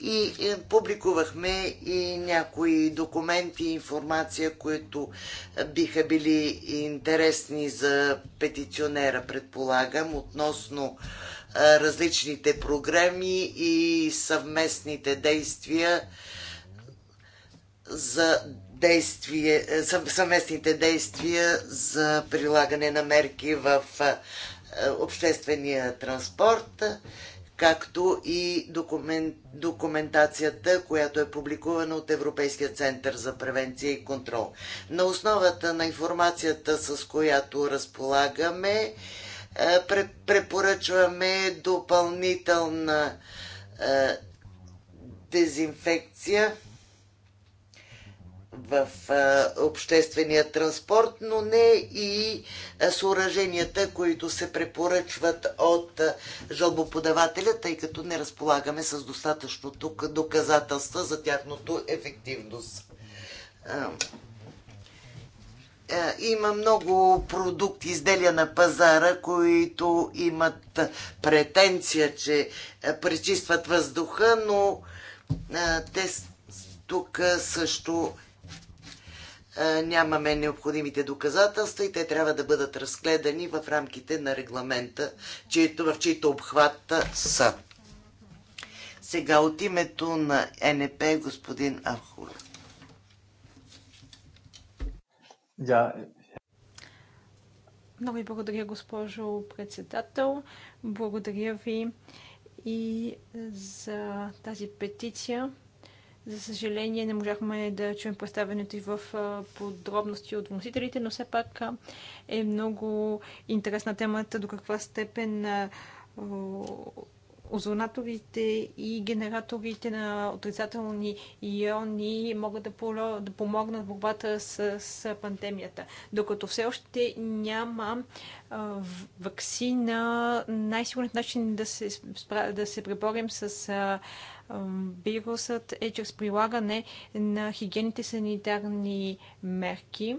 и е, публикувахме и някои документи и информация, които е, биха били интересни за петиционера, предполагам, относно е, различните програми и съвместните действия за действие, съвместните действия за прилагане на мерки в обществения транспорт както и документ, документацията, която е публикувана от Европейския център за превенция и контрол. На основата на информацията, с която разполагаме, е, препоръчваме допълнителна е, дезинфекция в а, обществения транспорт, но не и а, съоръженията, които се препоръчват от а, жалбоподавателя, тъй като не разполагаме с достатъчно тук доказателства за тяхното ефективност. А, а, има много продукти, изделия на пазара, които имат претенция, че а, пречистват въздуха, но а, те тук също е, нямаме необходимите доказателства и те трябва да бъдат разгледани в рамките на регламента, чието, в чието обхват са. Сега от името на НП господин Авхур. Да.
Много ви благодаря, госпожо председател. Благодаря ви и за тази петиция. За съжаление, не можахме да чуем представенето и в подробности от вносителите, но все пак е много интересна темата до каква степен озонаторите и генераторите на отрицателни иони могат да, помогнат в борбата с, пандемията. Докато все още няма вакцина, най-сигурният начин да се, да се преборим с а, Вирусът е чрез прилагане на хигиените санитарни мерки.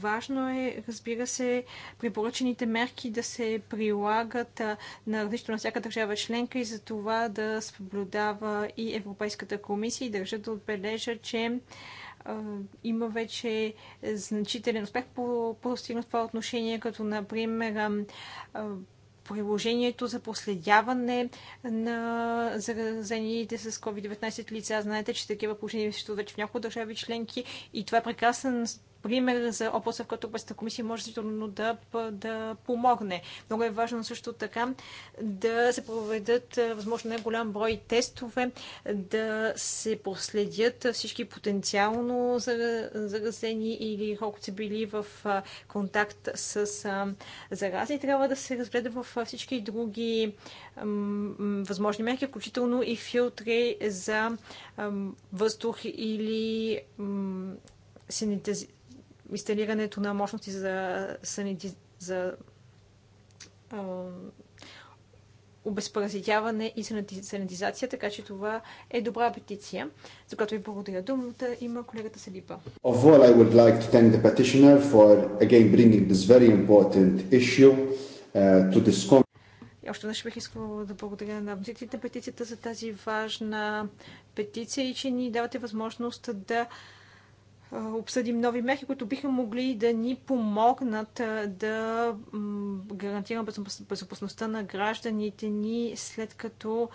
Важно е, разбира се, препоръчените мерки да се прилагат на различно на всяка държава членка и за това да съблюдава и Европейската комисия и държа да отбележа, че има вече значителен успех по постигнат това отношение, като например приложението за последяване на заразените с COVID-19 лица. Знаете, че такива положения съществуват вече в няколко държави членки и това е прекрасен пример за област, в която областната комисия може сигурно да, да помогне. Много е важно също така да се проведат възможно най-голям брой тестове, да се последят всички потенциално заразени или колкото са били в контакт с зарази. Трябва да се разгледа в всички други възможни мерки, включително и филтри за въздух или синтези инсталирането на мощности за, санити... за обезпаразитяване и санитизация, така че това е добра петиция, за която ви благодаря. Думата има колегата Селипа.
Of all, I would like to thank the petitioner for again bringing this very important issue
uh, to this
още веднъж бих искал да благодаря на вносителите петицията за тази важна петиция и че ни давате възможност да uh, обсъдим нови мерки, които биха могли да ни помогнат да гарантираме безопасността на гражданите ни, след като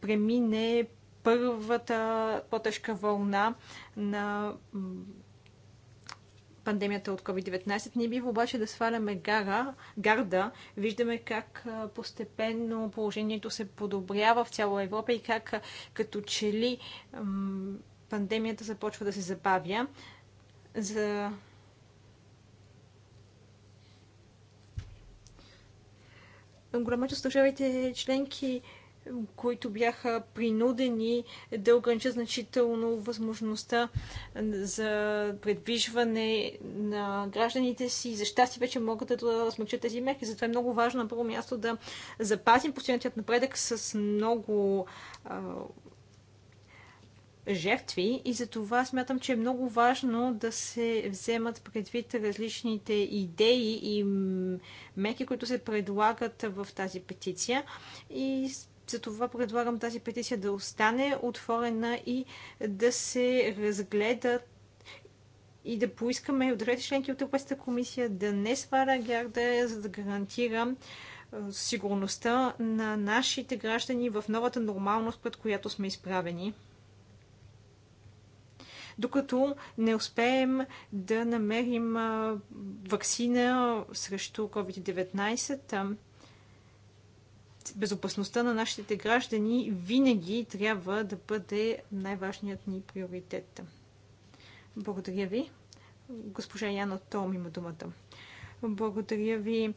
премине първата по-тежка вълна на пандемията от COVID-19. ние бива обаче да сваляме гара, гарда. Виждаме как постепенно положението се подобрява в цяла Европа и как като че ли пандемията започва да се забавя. За голяма част от държавите членки, които бяха принудени да ограничат значително възможността за предвижване на гражданите си. За щастие вече могат да смъкчат тези мерки. Затова е много важно на първо място да запазим постоянният напредък с много жертви и за това смятам, че е много важно да се вземат предвид различните идеи и меки, които се предлагат в тази петиция и затова предлагам тази петиция да остане отворена и да се разгледат и да поискаме от двете членки от Европейската комисия да не сваля гярда, за да гарантира е, сигурността на нашите граждани в новата нормалност, пред която сме изправени докато не успеем да намерим вакцина срещу COVID-19 безопасността на нашите граждани винаги трябва да бъде най-важният ни приоритет. Благодаря ви. Госпожа Яна Том има думата. Благодаря ви,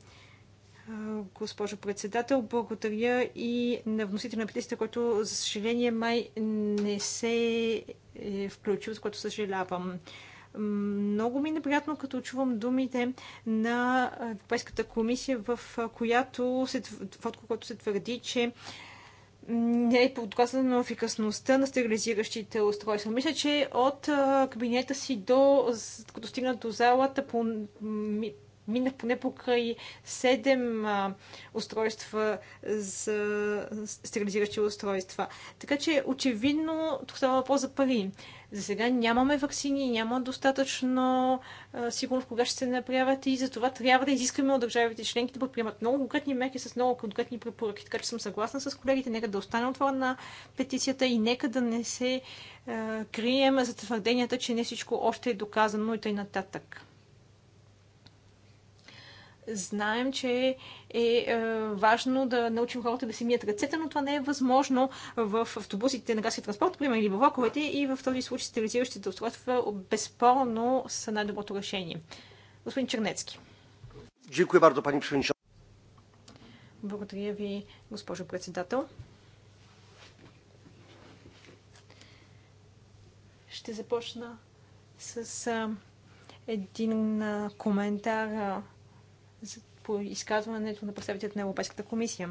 госпожо председател. Благодаря и на вносителя на петицията, който, за съжаление, май не се е включил, с което съжалявам. Много ми е неприятно, като чувам думите на Европейската комисия, в която се, в което се твърди, че не е подказана ефикасността на стерилизиращите устройства. Мисля, че от кабинета си до, като стигна до залата, по минах поне покрай 7 устройства за стерилизиращи устройства. Така че очевидно тук става въпрос за пари. За сега нямаме вакцини, няма достатъчно сигурно, сигурност кога ще се направят и затова трябва да изискаме от държавите членки да предприемат много конкретни мерки с много конкретни препоръки. Така че съм съгласна с колегите, нека да остане на петицията и нека да не се а, крием за твърденията, че не всичко още е доказано и тъй нататък. Знаем, че е, е важно да научим хората да си мият ръцете, но това не е възможно в автобусите на газовия транспорт, примерно или във влаковете. И в този случай стерилизиращите устройства безспорно са най-доброто решение. Господин Чернецки. Благодаря ви, госпожо председател. Ще започна с един коментар по изказването на представителите на Европейската комисия.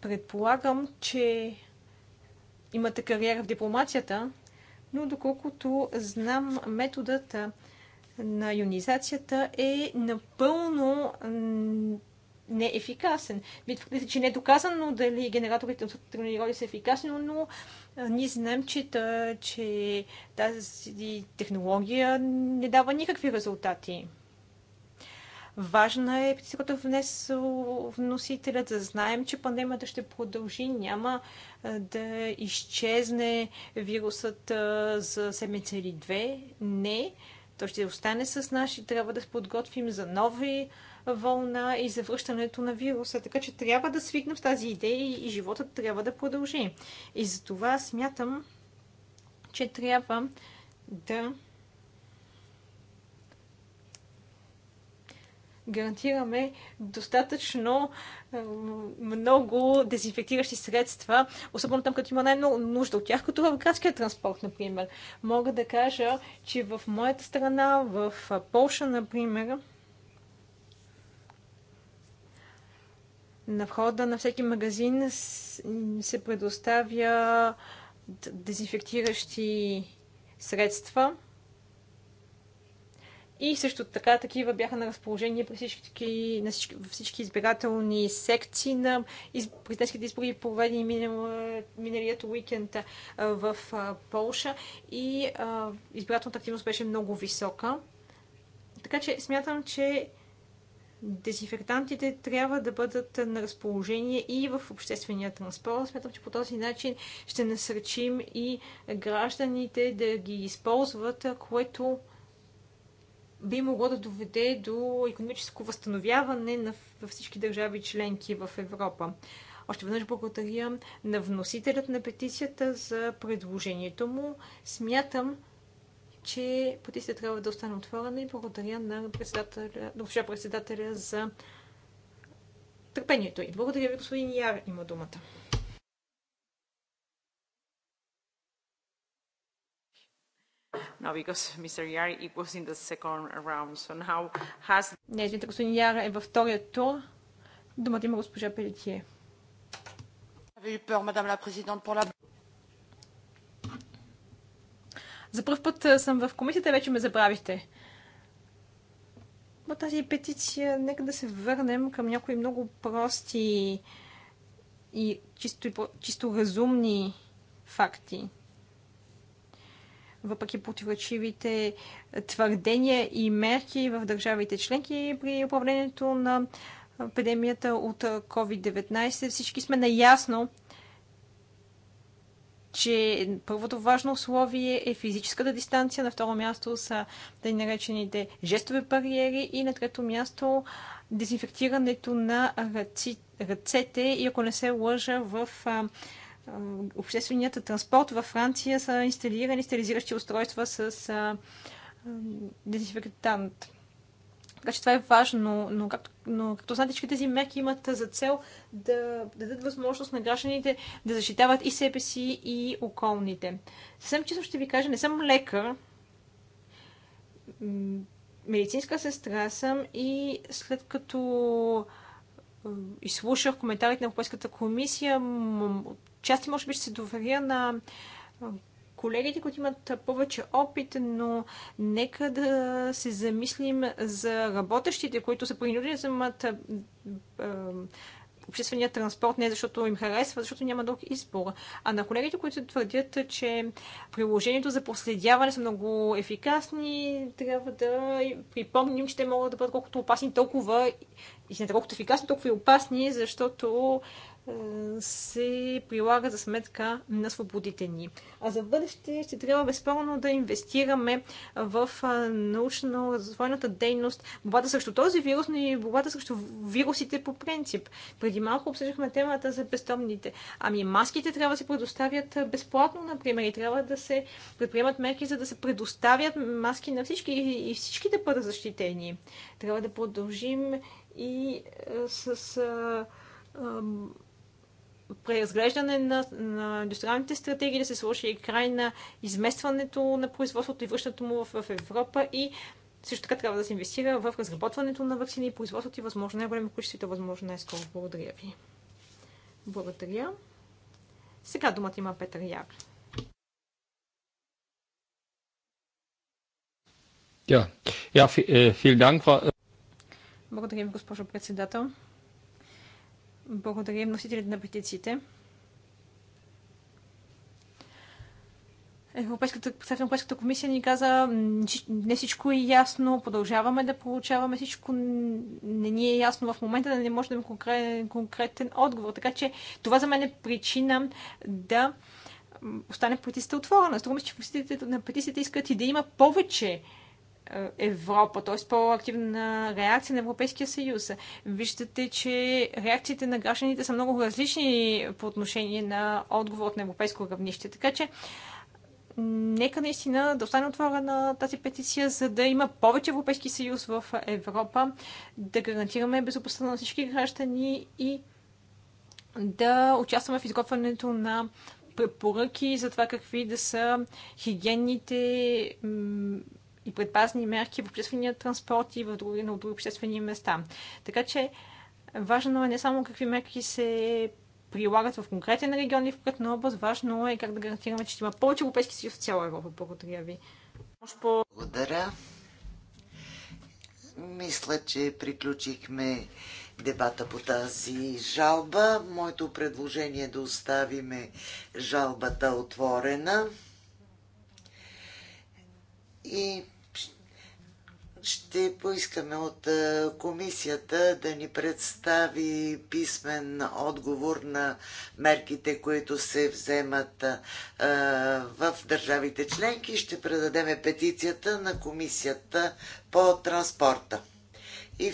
Предполагам, че имате кариера в дипломацията, но доколкото знам, методът на ионизацията е напълно неефикасен. Вие твърдите, че не е доказано дали генераторите от тренироли са ефикасни, но ние знаем, че, че тази технология не дава никакви резултати. Важна е петицията внес вносителя, да знаем, че пандемията ще продължи, няма да изчезне вирусът за седмица или две. Не, той ще остане с нас и трябва да се подготвим за нови вълна и за връщането на вируса. Така че трябва да свикнем с тази идея и животът трябва да продължи. И за това смятам, че трябва да гарантираме достатъчно много дезинфектиращи средства, особено там, като има най-много нужда от тях, като в градския транспорт, например. Мога да кажа, че в моята страна, в Полша, например, на входа на всеки магазин се предоставя дезинфектиращи средства и също така такива бяха на разположение при всички, на всички, всички избирателни секции на из, президентските избори, проведени миналият уикенд в Полша. И а, избирателната активност беше много висока. Така че смятам, че дезинфектантите трябва да бъдат на разположение и в обществения транспорт. Смятам, че по този начин ще насърчим и гражданите да ги използват, което би могло да доведе до економическо възстановяване на всички държави членки в Европа. Още веднъж благодаря на вносителят на петицията за предложението му. Смятам, че петицията трябва да остане отворена и благодаря на председателя, на председателя за търпението и. Благодаря ви, господин Яр, има думата.
Now, because Mr. Yari, it was in the second round, so now has... Не, извините, господин е във втория тур.
Думата има госпожа Пелетие. За първ път съм в комисията, вече ме забравихте. По тази петиция, нека да се върнем към някои много прости и чисто, чисто разумни факти въпреки противоречивите е, твърдения и мерки в държавите членки при управлението на епидемията от е, COVID-19. Всички сме наясно, че първото важно условие е физическата дистанция, на второ място са да наречените жестови бариери и на трето място дезинфектирането на ръци, ръцете и ако не се лъжа в е, общественият транспорт във Франция са инсталирани стерилизиращи устройства с дезинфектант. Така че това е важно, но както, но както знаете, че тези мерки имат за цел да дадат възможност на гражданите да защитават и себе си, и околните. Съвсем чисто ще ви кажа, не съм лекар, медицинска сестра съм и след като изслушах коментарите на Европейската комисия, части може би ще се доверя на колегите, които имат повече опит, но нека да се замислим за работещите, които са принудени да вземат обществения транспорт, не защото им харесва, защото няма друг избор. А на колегите, които твърдят, че приложението за проследяване са много ефикасни, трябва да припомним, че те могат да бъдат колкото опасни, толкова и не толкова ефикасни, толкова и опасни, защото се прилага за сметка на свободите ни. А за бъдеще ще трябва безспорно да инвестираме в научно-развойната дейност, борбата срещу този вирус, но и борбата срещу вирусите по принцип. Преди малко обсъждахме темата за безтомните. Ами маските трябва да се предоставят безплатно, например, и трябва да се предприемат мерки, за да се предоставят маски на всички и всички да бъдат защитени. Трябва да продължим и с преразглеждане на, на индустриалните стратегии, да се сложи и край на изместването на производството и връщането му в, в Европа и също така трябва да се инвестира в разработването на вакцини и производството и възможно най-големи количество, възможно най-скоро. Благодаря ви. Благодаря. Сега думата има Петър Яр. Ja, ja, vielen Dank. Е, Благодаря ви, госпожо председател. Благодарим носителите на петициите. Европейската, Европейската комисия ни каза, не всичко е ясно, продължаваме да получаваме всичко, не ни е ясно в момента, да не може да имаме конкретен, конкретен отговор. Така че това за мен е причина да остане петицията отворена. Струва че на петицията искат и да има повече е, Европа, т.е. по-активна реакция на Европейския съюз. Виждате, че реакциите на гражданите са много различни по отношение на отговорът на европейско равнище. Така че нека наистина да остане отворена тази петиция, за да има повече Европейски съюз в Европа, да гарантираме безопасността на всички граждани и да участваме в изготвянето на препоръки за това какви да са хигиенните и предпазни мерки в обществения транспорт и в други, на други обществени места. Така че важно е не само какви мерки се прилагат в конкретен регион и в конкретна област, важно е как да гарантираме, че има повече Европейски съюз в цяла Европа. Благодаря ви.
Благодаря. Мисля, че приключихме дебата по тази жалба. Моето предложение е да оставиме жалбата отворена и ще поискаме от е, комисията да ни представи писмен отговор на мерките, които се вземат е, в държавите членки. Ще предадеме петицията на комисията по транспорта. И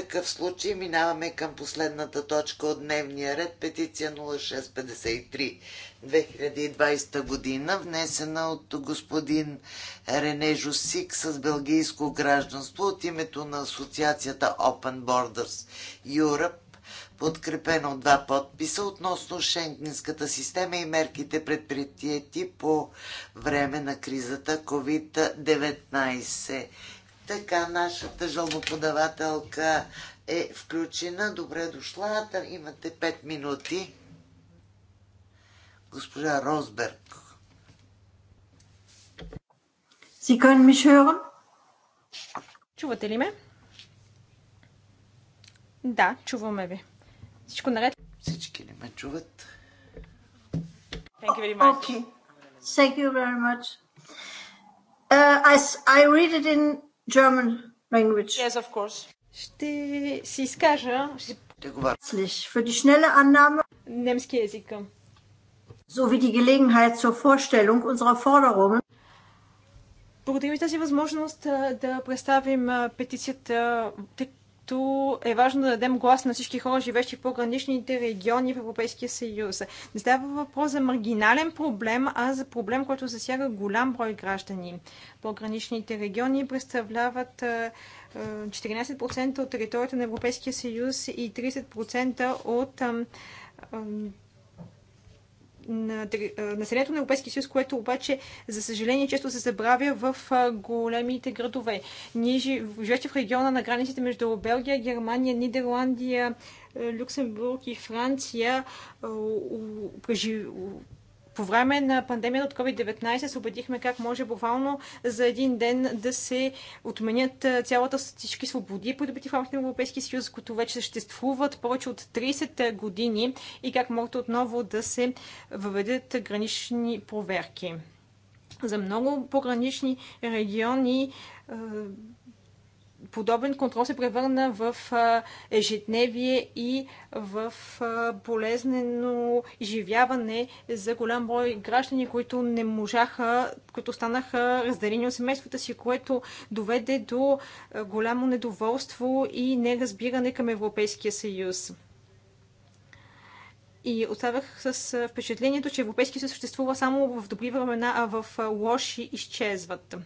такъв случай минаваме към последната точка от дневния ред, петиция 0653-2020 година, внесена от господин Рене Жусик с бългийско гражданство от името на асоциацията Open Borders Europe подкрепена от два подписа относно Шенгенската система и мерките предприятия по време на кризата COVID-19. Така, нашата жалбоподавателка е включена. Добре дошла. Там имате 5 минути. Госпожа Розберг. Sie können
Чувате ли ме? Да, чуваме ви. Всичко наред?
Всички ли ме чуват?
Thank you very much. Okay.
Thank you very much. Uh, I, I read it in German language. Yes, of course. Ще се изкажа, ще Немски език. Sowie die Gelegenheit zur Vorstellung unserer Forderungen. Благодарим тази възможност да представим петицията, като е важно да дадем глас на всички хора, живещи в пограничните региони в Европейския съюз. Не става въпрос за маргинален проблем, а за проблем, който засяга голям брой граждани. Пограничните региони представляват 14% от територията на Европейския съюз и 30% от на населението на Европейския съюз, което обаче, за съжаление, често се забравя в големите градове. Ние живеем в региона на границите между Белгия, Германия, Нидерландия, Люксембург и Франция по време на пандемията от COVID-19 се убедихме как може буквално за един ден да се отменят цялата всички свободи, придобити в рамките на Европейския съюз, които вече съществуват повече от 30 години и как могат отново да се въведат гранични проверки. За много погранични региони подобен контрол се превърна в ежедневие и в болезнено изживяване за голям брой граждани, които не можаха, които станаха разделени от семействата си, което доведе до голямо недоволство и неразбиране към Европейския съюз. И оставах с впечатлението, че Европейския съюз съществува само в добри времена, а в лоши изчезват.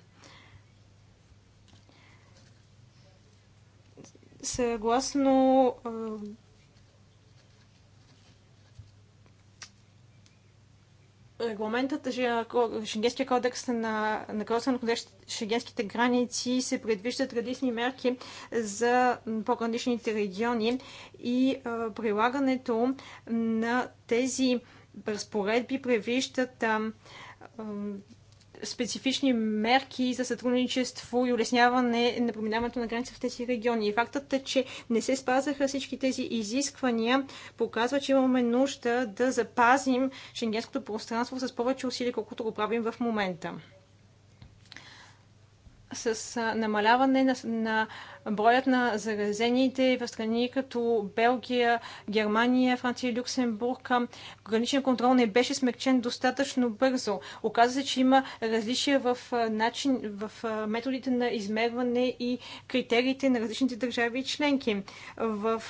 съгласно регламентът, Шенгенския кодекс на кодекса на шенгенските граници се предвиждат различни мерки за по по-граничните региони и а, прилагането на тези разпоредби превиждат а, а, специфични мерки за сътрудничество и улесняване на преминаването на граница в тези региони. И фактът е, че не се спазаха всички тези изисквания, показва, че имаме нужда да запазим шенгенското пространство с повече усилия, колкото го правим в момента. С намаляване на, на броят на заразените в страни като Белгия, Германия, Франция и Люксембург, към граничен контрол не беше смекчен достатъчно бързо. Оказва се, че има различия в, начин, в методите на измерване и критериите на различните държави и членки. В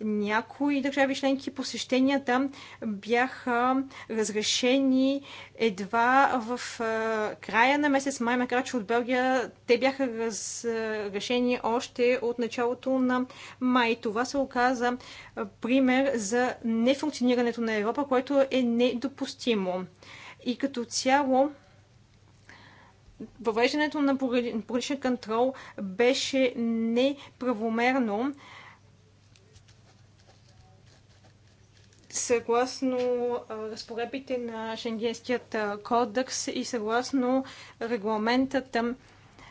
някои държави членки посещенията бяха разрешени едва в края на месец май, макар че от Белгия те бяха разрешени още от началото на май. Това се оказа пример за нефункционирането на Европа, което е недопустимо. И като цяло въвеждането на поричен контрол беше неправомерно. съгласно разпоредбите на Шенгенският кодекс и съгласно регламентът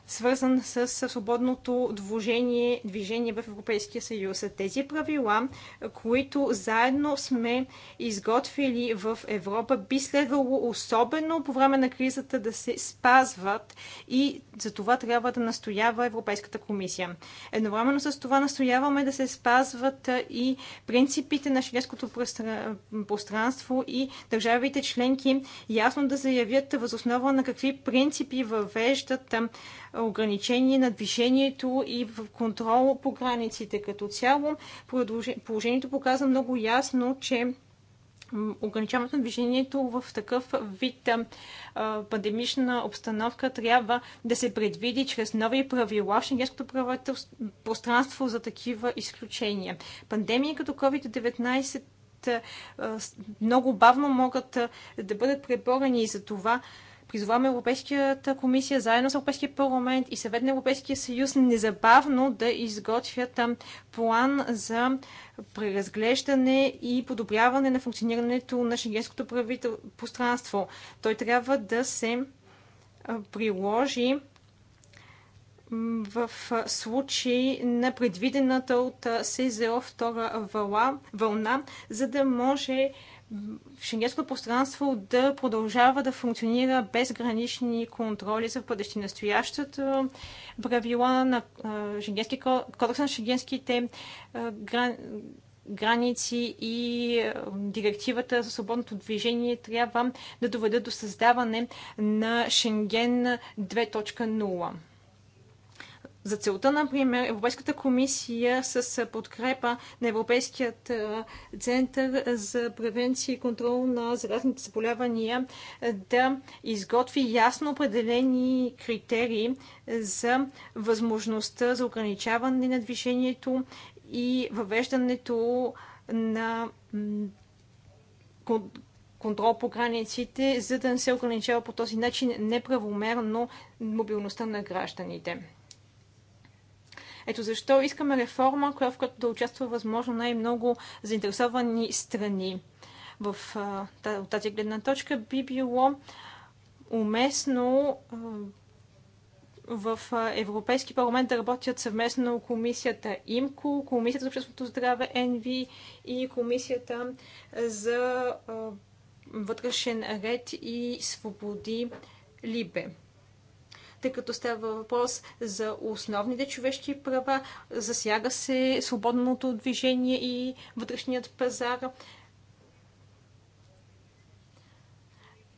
свързан с свободното движение, движение в Европейския съюз. Тези правила, които заедно сме изготвили в Европа, би следвало особено по време на кризата да се спазват и за това трябва да настоява Европейската комисия. Едновременно с това настояваме да се спазват и принципите на шенгенското пространство и държавите членки ясно да заявят възоснова на какви принципи въвеждат ограничение на движението и в контрол по границите като цяло. Положението показва много ясно, че ограничаването на движението в такъв вид а, пандемична обстановка трябва да се предвиди чрез нови правила в шенгенското пространство за такива изключения. Пандемии като COVID-19 много бавно могат да бъдат преборени и за това Призоваваме Европейската комисия заедно с Европейския парламент и съвет на Европейския съюз незабавно да изготвят план за преразглеждане и подобряване на функционирането на шенгенското правител... пространство. Той трябва да се приложи в случай на предвидената от СЗО втора вълна за да може шенгенското пространство да продължава да функционира без гранични контроли за бъдещи настоящата правила на шенгенски кодекс на шенгенските граници и директивата за свободното движение трябва да доведат до създаване на Шенген 2.0. За целта, например, Европейската комисия с подкрепа на Европейският център за превенция и контрол на заразните заболявания да изготви ясно определени критерии за възможността за ограничаване на движението и въвеждането на контрол по границите, за да не се ограничава по този начин неправомерно мобилността на гражданите. Ето защо искаме реформа, в която да участва възможно най-много заинтересовани страни. В тази гледна точка би било уместно в Европейски парламент да работят съвместно комисията ИМКО, комисията за общественото здраве ЕНВИ и комисията за вътрешен ред и свободи ЛИБЕ тъй като става въпрос за основните човешки права, засяга се свободното движение и вътрешният пазар.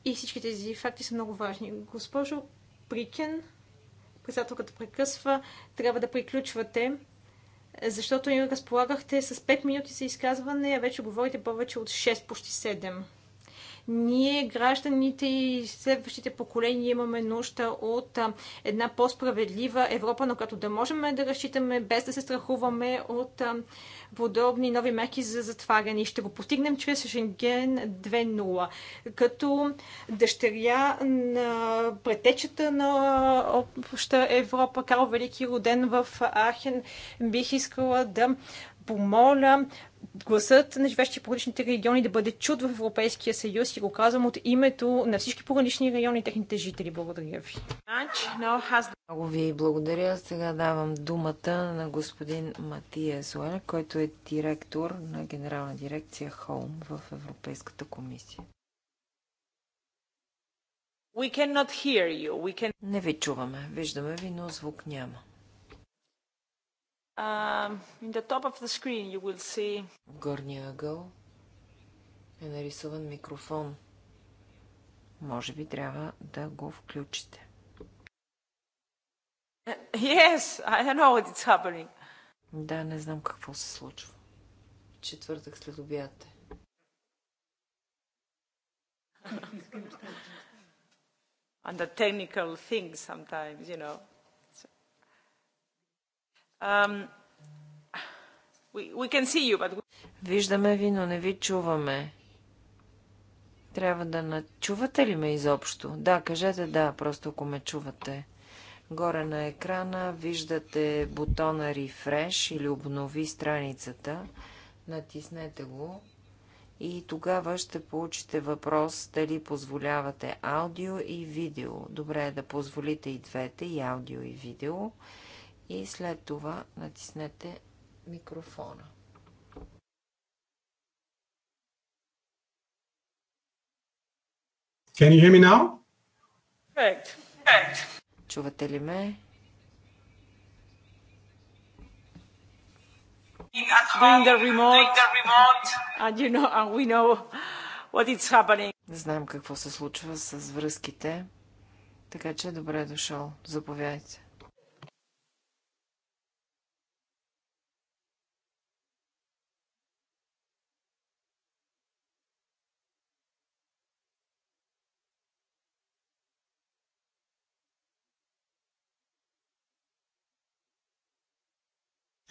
И всички тези факти са много важни. Госпожо Прикен, председателката прекъсва, трябва да приключвате, защото разполагахте с 5 минути за изказване, а вече говорите повече от 6, почти 7 ние, гражданите и следващите поколения, имаме нужда от една по-справедлива Европа, на която да можем да разчитаме, без да се страхуваме от подобни нови мерки за затваряне. И ще го постигнем чрез Шенген 2.0. Като дъщеря на претечета на обща Европа, Карл Велики, роден в Ахен, бих искала да помоля гласът на живещи по различните региони да бъде чуд в Европейския съюз и го казвам от името на всички погранични райони и техните жители. Благодаря ви.
Много ви благодаря. Сега давам думата на господин Матия Зуер, който е директор на Генерална дирекция Холм в Европейската комисия. Can... Не ви чуваме. Виждаме ви, но звук няма.
Uh, in the top of the screen you will see...
В горния ъгъл е нарисуван микрофон. Може би трябва да го включите.
Yes, I don't know what it's happening.
Да, не знам какво се случва.
В четвъртък след обяд And the technical things sometimes, you know. Виждаме
ви, но не ви чуваме. Трябва да начувате ли ме изобщо? Да, кажете да, просто ако ме чувате. Горе на екрана виждате бутона Refresh или обнови страницата. Натиснете го и тогава ще получите въпрос дали позволявате аудио и видео. Добре е да позволите и двете, и аудио и видео и след това натиснете микрофона.
Can you hear me now?
Perfect. Perfect.
Чувате ли ме?
Doing the remote, and you know, and we know what it's happening. Знаем какво се случва с
връзките, така че добре е дошъл. Заповядайте.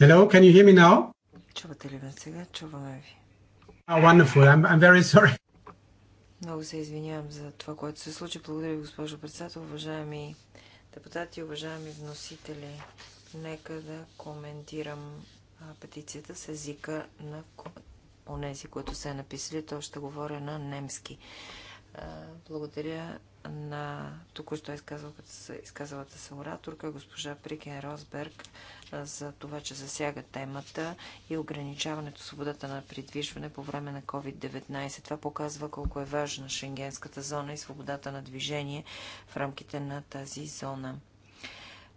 Hello, can you hear me now?
Чувате ли ме сега? Чуваме ви.
Oh, wonderful. I'm, I'm very sorry.
Много се извинявам за това, което се случи. Благодаря ви, госпожо председател, уважаеми депутати, уважаеми вносители. Нека да коментирам петицията с езика на онези, които са написали. То ще говоря на немски. Благодаря на току-що изказалата се ораторка, госпожа Прикен Росберг, за това, че засяга темата и ограничаването свободата на придвижване по време на COVID-19. Това показва колко е важна шенгенската зона и свободата на движение в рамките на тази зона.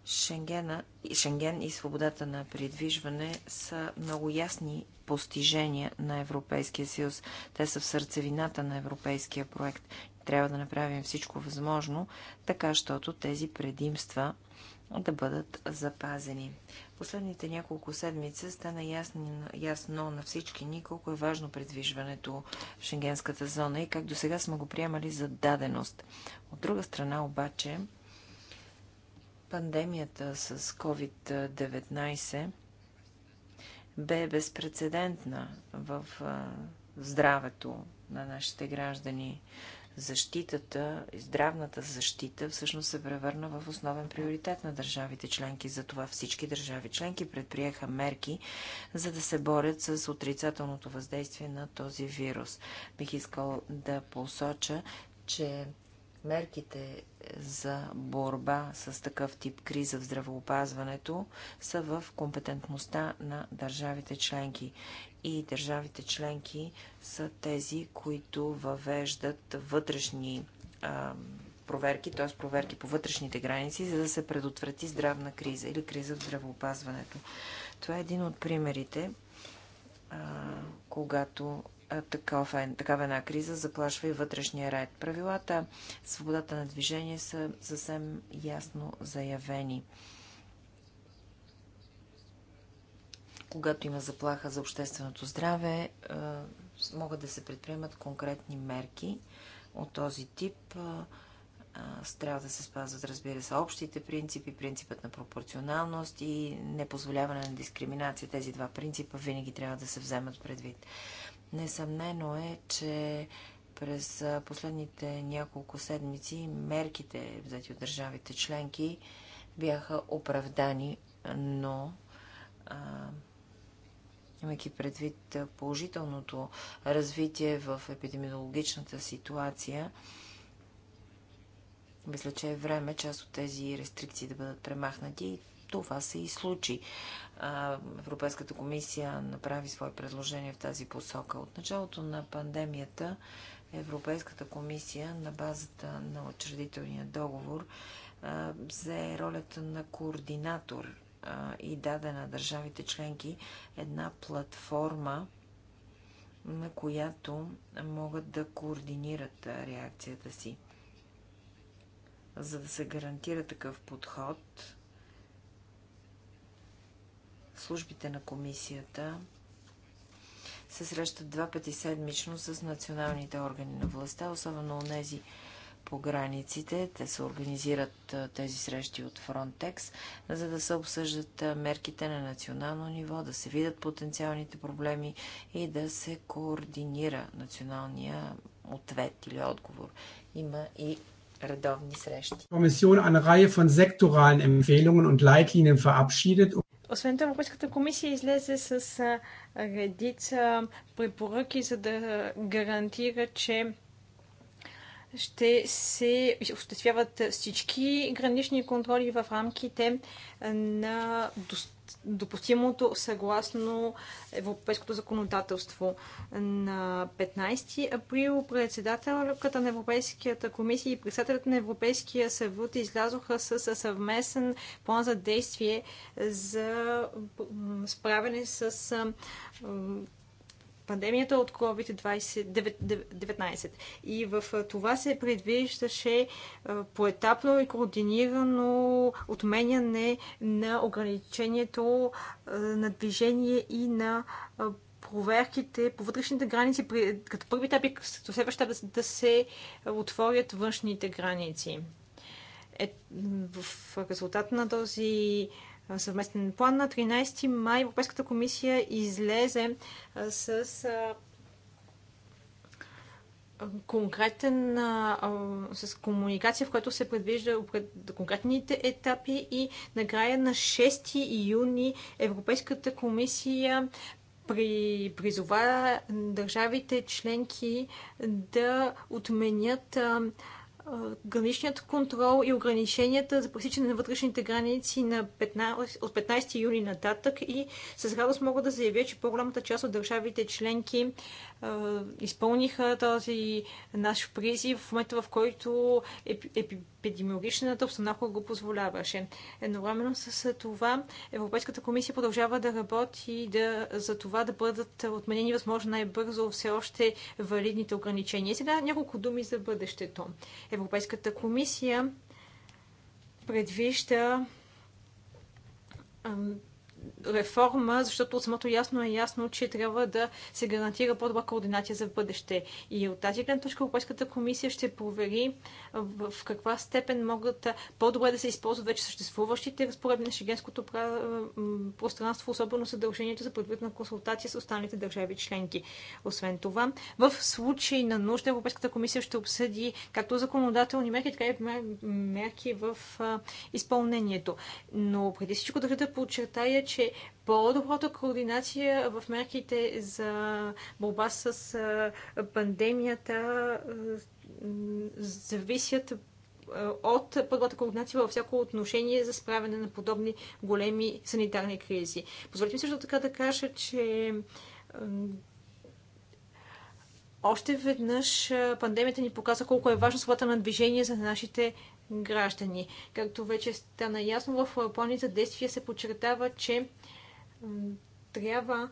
Шенгена, Шенген и свободата на придвижване са много ясни постижения на Европейския съюз. Те са в сърцевината на европейския проект. Трябва да направим всичко възможно, така, щото тези предимства да бъдат запазени. Последните няколко седмици стана ясно, ясно на всички ни колко е важно предвижването в шенгенската зона и как до сега сме го приемали за даденост. От друга страна обаче, пандемията с COVID-19 бе безпредседентна в здравето на нашите граждани защитата, здравната защита всъщност се превърна в основен приоритет на държавите членки. Затова всички държави членки предприеха мерки, за да се борят с отрицателното въздействие на този вирус. Бих искал да посоча, че мерките за борба с такъв тип криза в здравеопазването са в компетентността на държавите членки и държавите членки са тези, които въвеждат вътрешни а, проверки, т.е. проверки по вътрешните граници, за да се предотврати здравна криза или криза в здравеопазването. Това е един от примерите, а, когато такава една криза заплашва и вътрешния ред. Правилата, свободата на движение са съвсем ясно заявени. когато има заплаха за общественото здраве, е, могат да се предприемат конкретни мерки от този тип. Е, е, трябва да се спазват, разбира се, общите принципи, принципът на пропорционалност и непозволяване на дискриминация. Тези два принципа винаги трябва да се вземат предвид. Несъмнено е, че през последните няколко седмици мерките, взети от държавите членки, бяха оправдани, но имайки предвид положителното развитие в епидемиологичната ситуация, мисля, че е време част от тези рестрикции да бъдат премахнати и това се и случи. Европейската комисия направи свое предложение в тази посока. От началото на пандемията Европейската комисия на базата на учредителния договор взе ролята на координатор и даде на държавите членки една платформа, на която могат да координират реакцията си. За да се гарантира такъв подход, службите на комисията се срещат два пъти седмично с националните органи на властта, особено у нези по границите. Те се организират тези срещи от Frontex, за да се обсъждат мерките на национално ниво, да се видят потенциалните проблеми и да се координира националния ответ или отговор. Има и редовни срещи.
Комисион eine Reihe von sektoralen Empfehlungen verabschiedet.
Освен това, Европейската комисия излезе с редица препоръки, за да гарантира, че ще се осъществяват всички гранични контроли в рамките на допустимото съгласно европейското законодателство. На 15 април председателката на Европейската комисия и председателят на Европейския съвет излязоха с съвместен план за действие за справяне с пандемията от COVID-19. И в това се предвиждаше поетапно и координирано отменяне на ограничението на движение и на проверките по вътрешните граници, като първи етап и като следващ етап да се отворят външните граници. Е, в резултат на този съвместен план. На 13 май Европейската комисия излезе с конкретен, с комуникация, в която се предвижда конкретните етапи и накрая на 6 юни Европейската комисия при, призова държавите членки да отменят граничният контрол и ограниченията за пресичане на вътрешните граници на 15, от 15 юли нататък и с радост мога да заявя, че по-голямата част от държавите членки е, изпълниха този наш призив в момента, в който епи, епидемиологичната обстановка го позволяваше. Едновременно с това Европейската комисия продължава да работи да, за това да бъдат отменени възможно най-бързо все още валидните ограничения. Сега няколко думи за бъдещето. Европейската комисия предвижда реформа, защото от самото ясно е ясно, че трябва да се гарантира по-добра координация за бъдеще. И от тази гледна точка Европейската комисия ще провери в каква степен могат по-добре да се използват вече съществуващите разпоредби на шегенското пространство, особено съдължението за предвидна консултация с останалите държави членки. Освен това, в случай на нужда Европейската комисия ще обсъди както законодателни мерки, така и мерки в изпълнението. Но преди всичко държа да подчертая, че по-добрата координация в мерките за борба с пандемията зависят от първата координация във всяко отношение за справяне на подобни големи санитарни кризи. Позволите ми също така да кажа, че още веднъж пандемията ни показа колко е важна свобода на движение за нашите граждани. Както вече стана ясно, в плани за действие се подчертава, че трябва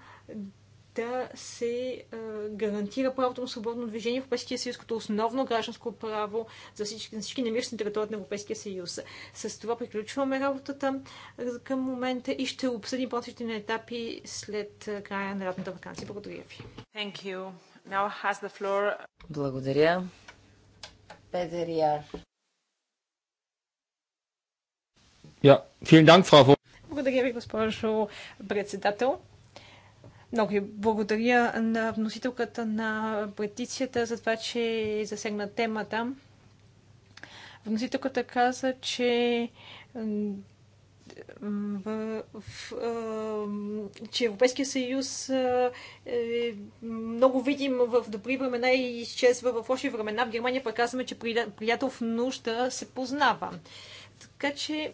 да се гарантира правото на свободно движение в Европейския съюз като основно гражданско право за всички, за всички намиращи на територията на Европейския съюз. С това приключваме работата към момента и ще обсъдим последните на етапи след края на работната вакансия. Благодаря ви.
Благодаря.
Петър Яр.
Ja, vielen Dank, Frau. Благодаря ви, госпожо председател. Много ви благодаря на вносителката на петицията за това, че засегна темата. Вносителката каза, че в, в, че Европейския съюз е много видим в добри времена и изчезва в лоши времена. В Германия показваме, казваме, че приятел в нужда се познава. Така че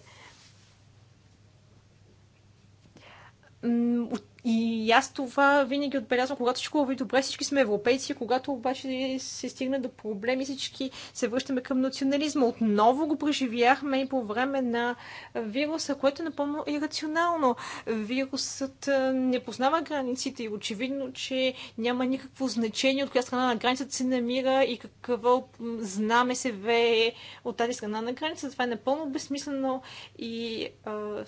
от и аз това винаги отбелязвам, когато всичко върви добре, всички сме европейци, когато обаче се стигна до проблеми, всички се връщаме към национализма. Отново го преживяхме и по време на вируса, което е напълно ирационално. Вирусът не познава границите и очевидно, че няма никакво значение от коя страна на границата се намира и какво знаме се вее от тази страна на границата. Това е напълно безсмислено и, а,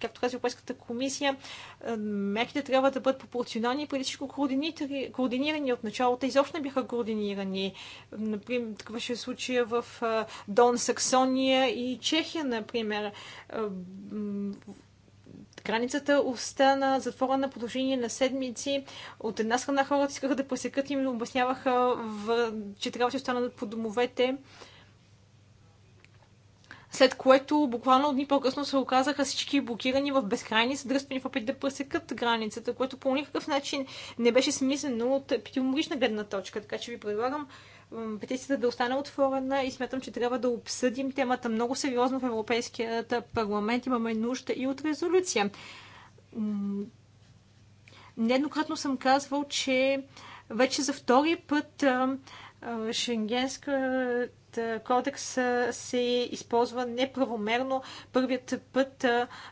както каза Европейската комисия, мерките трябва да бъдат пропорционални и преди всичко координирани от началото. Изобщо не бяха координирани. Например, такъв беше случая в Дон Саксония и Чехия, например границата остана затвора на продължение на седмици. От една страна хората искаха да пресекат и ми обясняваха, че трябва да останат по домовете след което буквално дни по-късно се оказаха всички блокирани в безкрайни съдръствени в опит да пресекат границата, което по никакъв начин не беше смислено от епидемиологична гледна точка. Така че ви предлагам петицията да остане отворена и смятам, че трябва да обсъдим темата много сериозно в Европейският парламент. Имаме нужда и от резолюция. Неднократно съм казвал, че вече за втори път Шенгенска кодекс се използва неправомерно. Първият път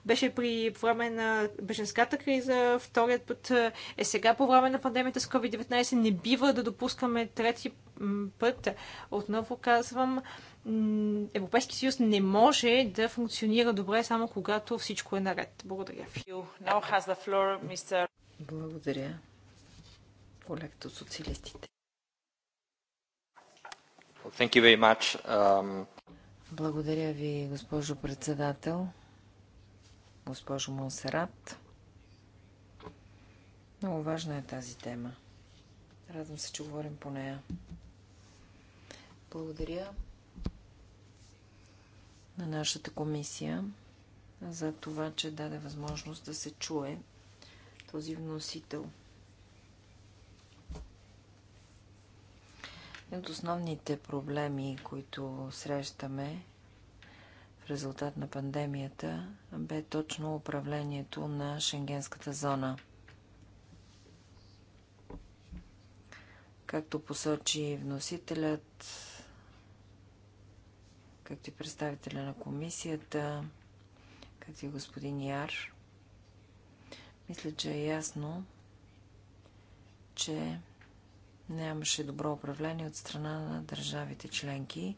беше при време на беженската криза, вторият път е сега по време на пандемията с COVID-19. Не бива да допускаме трети път. Отново казвам, Европейски съюз не може да функционира добре само когато всичко е наред.
Благодаря ви.
Благодаря. Колекто от социалистите. Thank you very much. Um...
Благодаря ви, госпожо председател, госпожо Монсерат. Много важна е тази тема. Радвам се, че говорим по нея. Благодаря на нашата комисия за това, че даде възможност да се чуе този вносител. от основните проблеми, които срещаме в резултат на пандемията, бе точно управлението на шенгенската зона. Както посочи вносителят, както и представителя на комисията, както и господин Яр, мисля, че е ясно, че Нямаше добро управление от страна на държавите членки.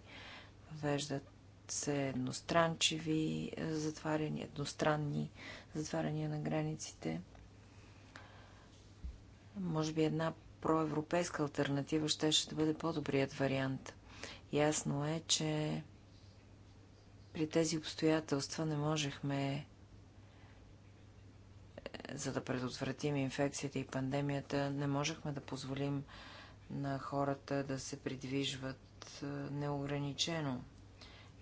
Веждат се едностранчиви е, затваряния, едностранни затваряния на границите. Може би една проевропейска альтернатива ще, ще бъде по-добрият вариант. Ясно е, че при тези обстоятелства не можехме е, за да предотвратим инфекцията и пандемията, не можехме да позволим на хората да се придвижват е, неограничено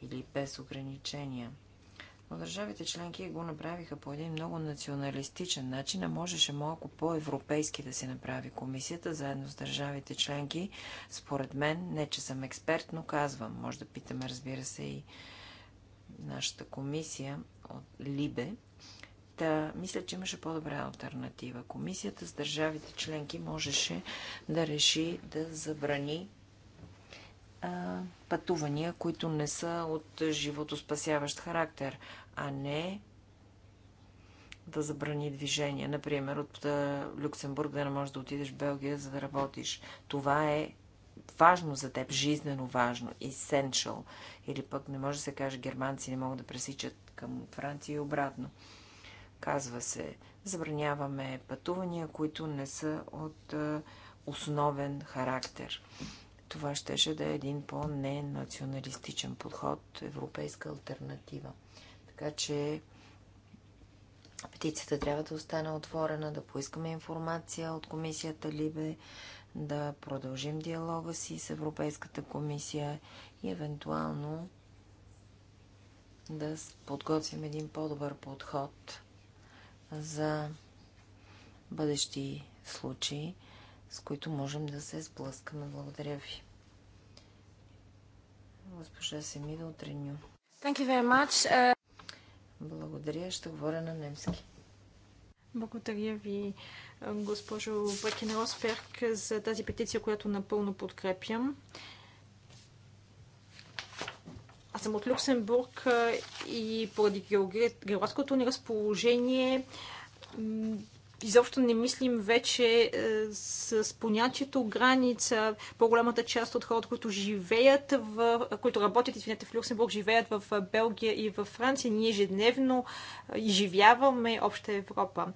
или без ограничения. Но държавите членки го направиха по един много националистичен начин, а можеше малко по-европейски да се направи комисията, заедно с държавите членки. Според мен, не че съм експерт, но казвам, може да питаме, разбира се, и нашата комисия от Либе, Та, мисля, че имаше по-добра альтернатива. Комисията с държавите членки можеше да реши да забрани а, пътувания, които не са от животоспасяващ характер, а не да забрани движение. Например, от Люксембург да не можеш да отидеш в Белгия, за да работиш. Това е важно за теб, жизнено важно, essential. Или пък не може да се каже, германци не могат да пресичат към Франция и обратно. Казва се, забраняваме пътувания, които не са от основен характер. Това щеше да е един по-ненационалистичен подход, европейска альтернатива. Така че петицията трябва да остане отворена, да поискаме информация от комисията Либе, да продължим диалога си с Европейската комисия и евентуално да подготвим един по-добър подход за бъдещи случаи, с които можем да се сблъскаме. Благодаря ви. Госпожа Семида от Реню.
Thank you very much. Uh...
Благодаря. Ще говоря на немски.
Благодаря ви, госпожо Бекенросперк, за тази петиция, която напълно подкрепям. Аз съм от Люксембург и поради географското ни разположение изобщо не мислим вече е, с понятието граница. По-голямата част от хората, които живеят, в, които работят, извинете, в Люксембург, живеят в е, Белгия и в Франция. Ние ежедневно е, изживяваме обща Европа.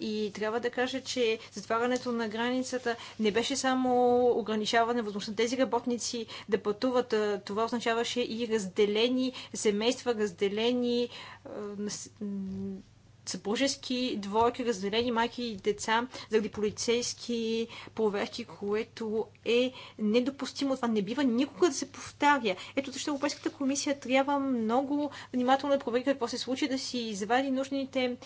И трябва да кажа, че затварянето на границата не беше само ограничаване възможността тези работници да пътуват. Това означаваше и разделени семейства, разделени съпружески двойки, разделени майки и деца заради полицейски проверки, което е недопустимо. Това не бива никога да се повтаря. Ето защо Европейската комисия трябва много внимателно да провери какво се случи, да си извади нужните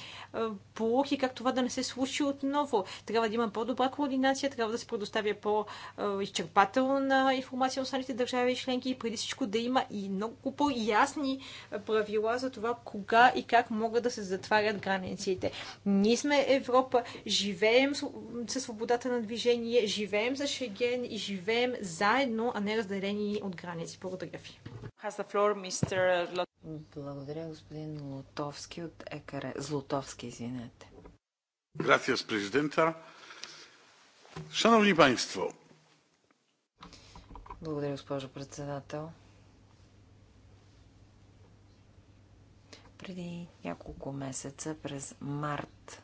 полуки, как това да не се случи отново. Трябва да има по-добра координация, трябва да се предоставя по-изчерпателна информация на останалите държави и членки и преди всичко да има и много по-ясни правила за това кога и как могат да се затварят границите границите. Ние сме Европа, живеем със свободата на движение, живеем за Шеген и живеем заедно, а не разделени от граници. Благодаря ви.
Благодаря, господин Лотовски от ЕКР. Злотовски, извинете.
Gracias, президента. Шановни панство.
Благодаря, госпожо председател. Преди няколко месеца, през март,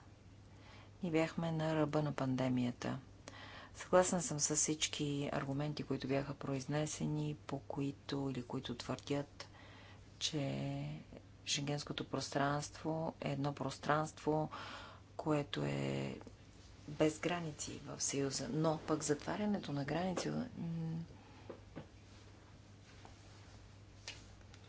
ние бяхме на ръба на пандемията. Съгласна съм с всички аргументи, които бяха произнесени, по които или които твърдят, че шенгенското пространство е едно пространство, което е без граници в Съюза. Но пък затварянето на граници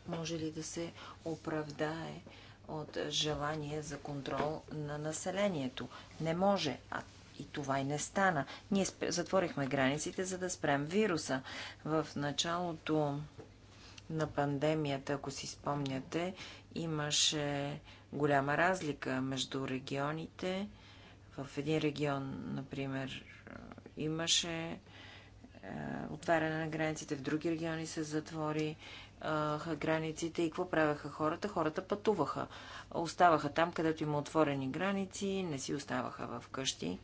може ли да се оправдае от желание за контрол на населението. Не може, а и това и не стана. Ние затворихме границите, за да спрем вируса. В началото на пандемията, ако си спомняте, имаше голяма разлика между регионите. В един регион, например, имаше е, отваряне на границите, в други региони се затвори е, границите и какво правяха хората? Хората пътуваха. Оставаха там, където има отворени граници, не си оставаха в къщи.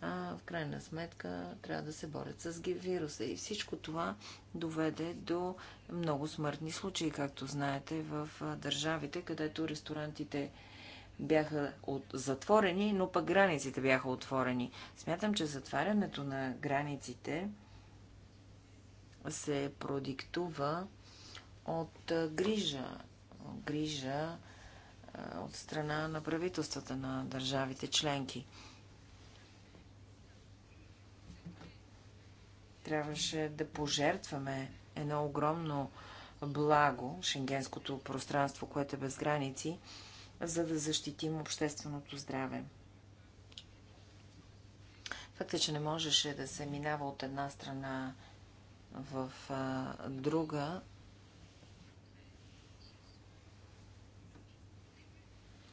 А, е, в крайна сметка трябва да се борят с вируса. И всичко това доведе до много смъртни случаи, както знаете, в държавите, където ресторантите бяха от... затворени, но пък границите бяха отворени. Смятам, че затварянето на границите се продиктува от грижа. Грижа от страна на правителствата на държавите членки. Трябваше да пожертваме едно огромно благо, шенгенското пространство, което е без граници, за да защитим общественото здраве. е, че не можеше да се минава от една страна в а, друга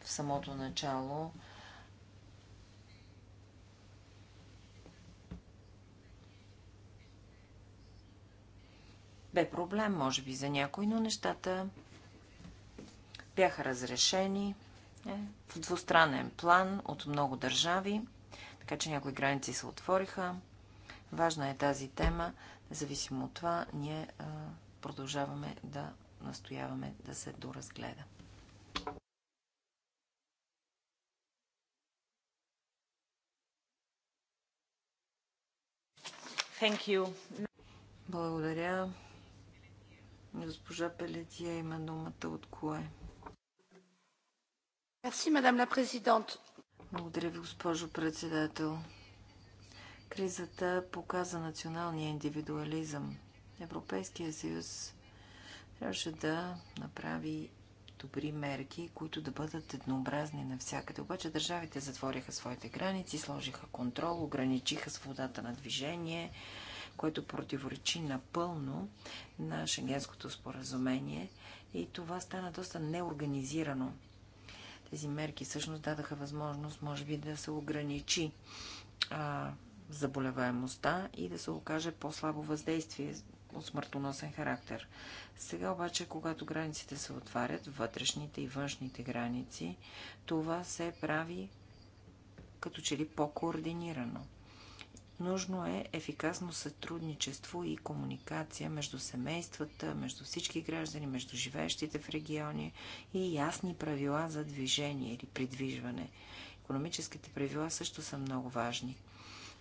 в самото начало бе проблем, може би, за някой, но нещата бяха разрешени е, в двустранен план от много държави, така че някои граници се отвориха. Важна е тази тема, Зависимо от това, ние продължаваме да настояваме да се доразгледа. Thank you. Благодаря. Госпожа Пелетия има думата от кое. Merci, мадам ла президент. Благодаря ви, госпожо председател. Кризата показа националния индивидуализъм. Европейския съюз трябваше да направи добри мерки, които да бъдат еднообразни навсякъде. Обаче държавите затвориха своите граници, сложиха контрол, ограничиха свободата на движение, което противоречи напълно на Шенгенското споразумение и това стана доста неорганизирано. Тези мерки всъщност дадаха възможност, може би, да се ограничи а, заболеваемостта и да се окаже по-слабо въздействие от смъртоносен характер. Сега обаче, когато границите се отварят, вътрешните и външните граници, това се прави като че ли по-координирано. Нужно е ефикасно сътрудничество и комуникация между семействата, между всички граждани, между живеещите в региони и ясни правила за движение или придвижване. Економическите правила също са много важни.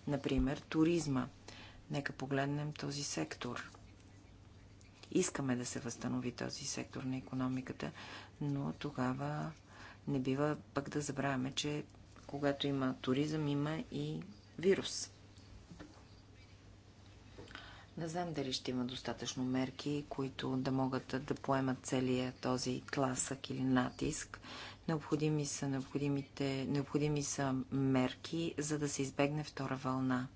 Например, туризма. Нека погледнем този сектор. Искаме да се възстанови този сектор на економиката, но тогава не бива пък да забравяме, че когато има туризъм, има и вирус. Не знам дали ще има достатъчно мерки, които да могат да поемат целия този тласък или натиск, Необходими са, необходимите, необходими са мерки, за да се избегне втора вълна.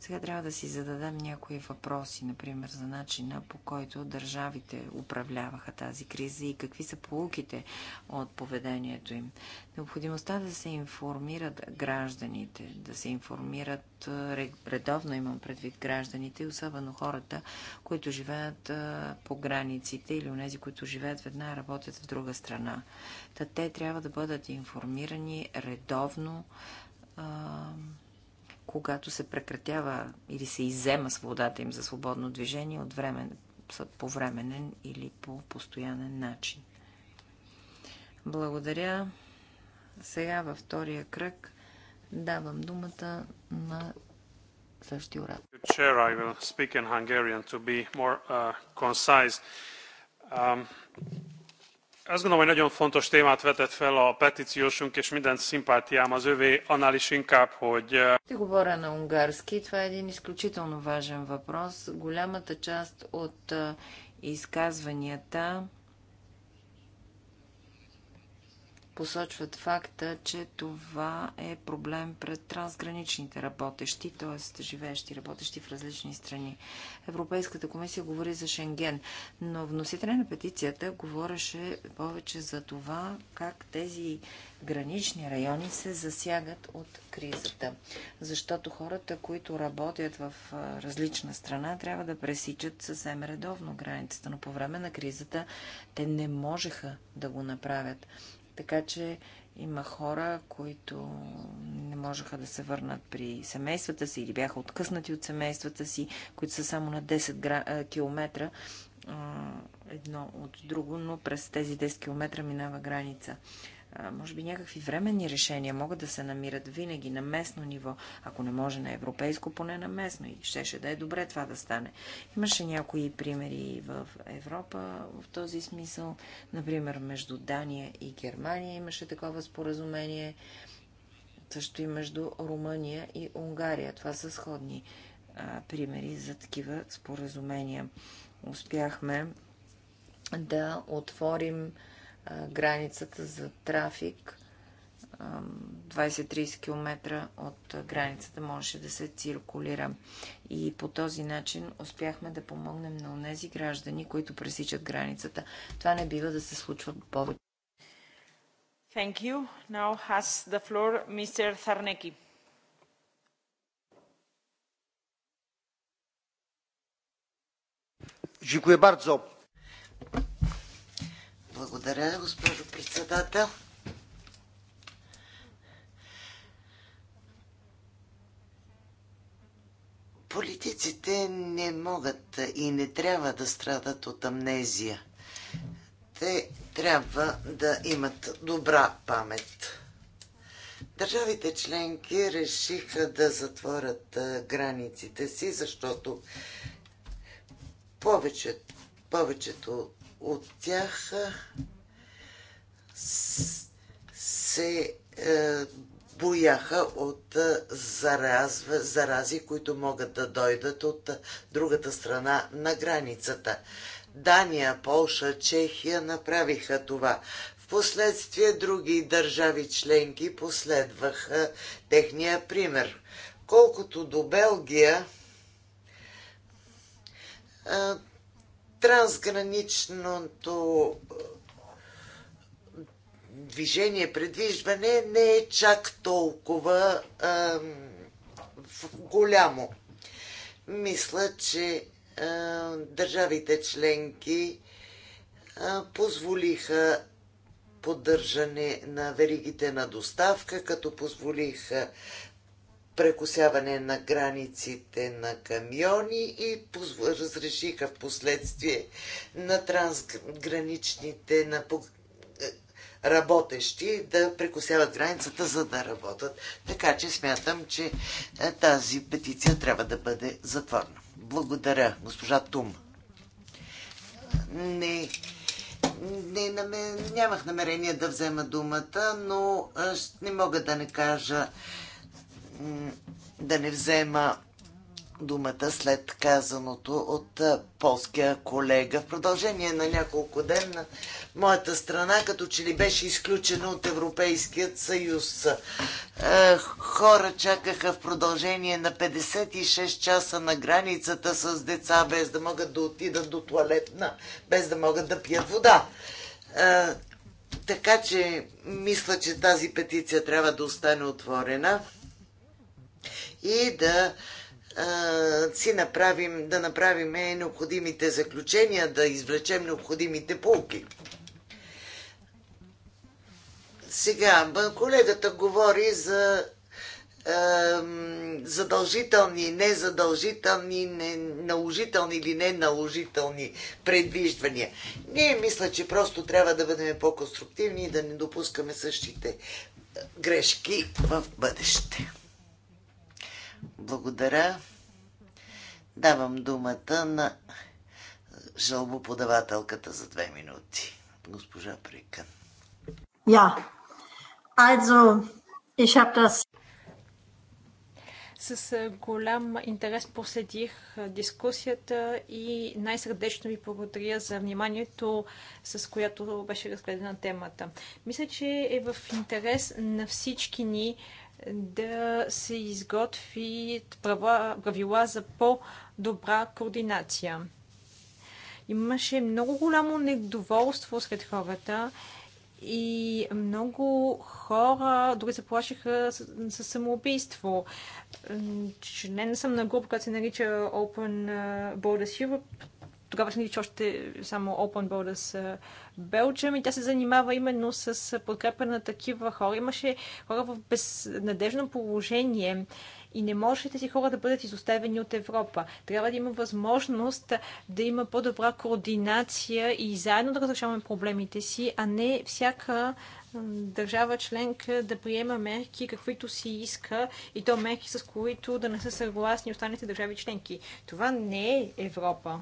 Сега трябва да си зададем някои въпроси, например за начина по който държавите управляваха тази криза и какви са полуките от поведението им. Необходимостта да се информират гражданите, да се информират редовно, имам предвид гражданите, особено хората, които живеят по границите или онези, които живеят в една, работят в друга страна. Та те трябва да бъдат информирани редовно когато се прекратява или се иззема свободата им за свободно движение от време, по временен или по постоянен начин. Благодаря. Сега във втория кръг давам думата на същия оратор.
Chair, I will speak in Hungarian to be more uh, concise. Um, Azt gondolom, hogy nagyon fontos témát vetett fel a petíciósunk, és minden szimpátiám az övé, annál is inkább, hogy...
Ти говоря на унгарски. Това е един изключително важен въпрос. Голямата част от изказванията посочват факта, че това е проблем пред трансграничните работещи, т.е. живеещи, работещи в различни страни. Европейската комисия говори за Шенген, но вносителя на петицията говореше повече за това как тези гранични райони се засягат от кризата. Защото хората, които работят в различна страна, трябва да пресичат съвсем редовно границата, но по време на кризата те не можеха да го направят. Така че има хора, които не можеха да се върнат при семействата си или бяха откъснати от семействата си, които са само на 10 км едно от друго, но през тези 10 км минава граница може би някакви временни решения могат да се намират винаги на местно ниво, ако не може на европейско, поне на местно. И щеше да е добре това да стане. Имаше някои примери в Европа в този смисъл. Например, между Дания и Германия имаше такова споразумение. Също и между Румъния и Унгария. Това са сходни а, примери за такива споразумения. Успяхме да отворим границата за трафик. 20-30 км от границата можеше да се циркулира. И по този начин успяхме да помогнем на онези граждани, които пресичат границата. Това не бива да се случва повече.
Thank you. Now has the floor Mr. Tharneki.
Dziękuję bardzo. Благодаря, госпожо председател. Политиците не могат и не трябва да страдат от амнезия. Те трябва да имат добра памет. Държавите членки решиха да затворят границите си, защото повечето, повечето от тях се е, бояха от е, заразва, зарази, които могат да дойдат от е, другата страна на границата. Дания, Полша, Чехия направиха това. Впоследствие други държави членки последваха техния пример. Колкото до Белгия, трансграничното е, движение, предвиждане не е чак толкова а, е, голямо. Мисля, че а, е, държавите членки а, позволиха поддържане на веригите на доставка, като позволиха прекосяване на границите на камиони и разрешиха в последствие на трансграничните на е, работещи да прекосяват границата, за да работят. Така че смятам, че е, тази петиция трябва да бъде затворена. Благодаря, госпожа Тум. Не, не намер... нямах намерение да взема думата, но е, не мога да не кажа да не взема думата след казаното от полския колега. В продължение на няколко ден моята страна като че ли беше изключена от Европейският съюз. Хора чакаха в продължение на 56 часа на границата с деца, без да могат да отидат до туалетна, без да могат да пият вода. Така че мисля, че тази петиция трябва да остане отворена и да си направим, да направим необходимите заключения, да извлечем необходимите полки. Сега, колегата говори за е, задължителни, незадължителни, не, наложителни или неналожителни предвиждания. Ние мисля, че просто трябва да бъдем по-конструктивни и да не допускаме същите грешки в бъдеще. Благодаря. Давам думата на жалбоподавателката за две минути, госпожа Прикън.
Я. Айдзо, ich
с голям интерес проследих дискусията и най-сърдечно ви благодаря за вниманието, с която беше разгледана темата. Мисля, че е в интерес на всички ни да се изготви правила за по-добра координация. Имаше много голямо недоволство сред хората и много хора дори заплашиха със самоубийство. Член съм на група, която се нарича Open Borders Europe тогава се нарича още само Open Borders Belgium и тя се занимава именно с подкрепа на такива хора. Имаше хора в безнадежно положение и не може тези хора да бъдат изоставени от Европа. Трябва да има възможност да има по-добра координация и заедно да разрешаваме проблемите си, а не всяка държава членка да приема мерки, каквито си иска, и то мерки, с които да не са съгласни останалите държави членки. Това не е Европа.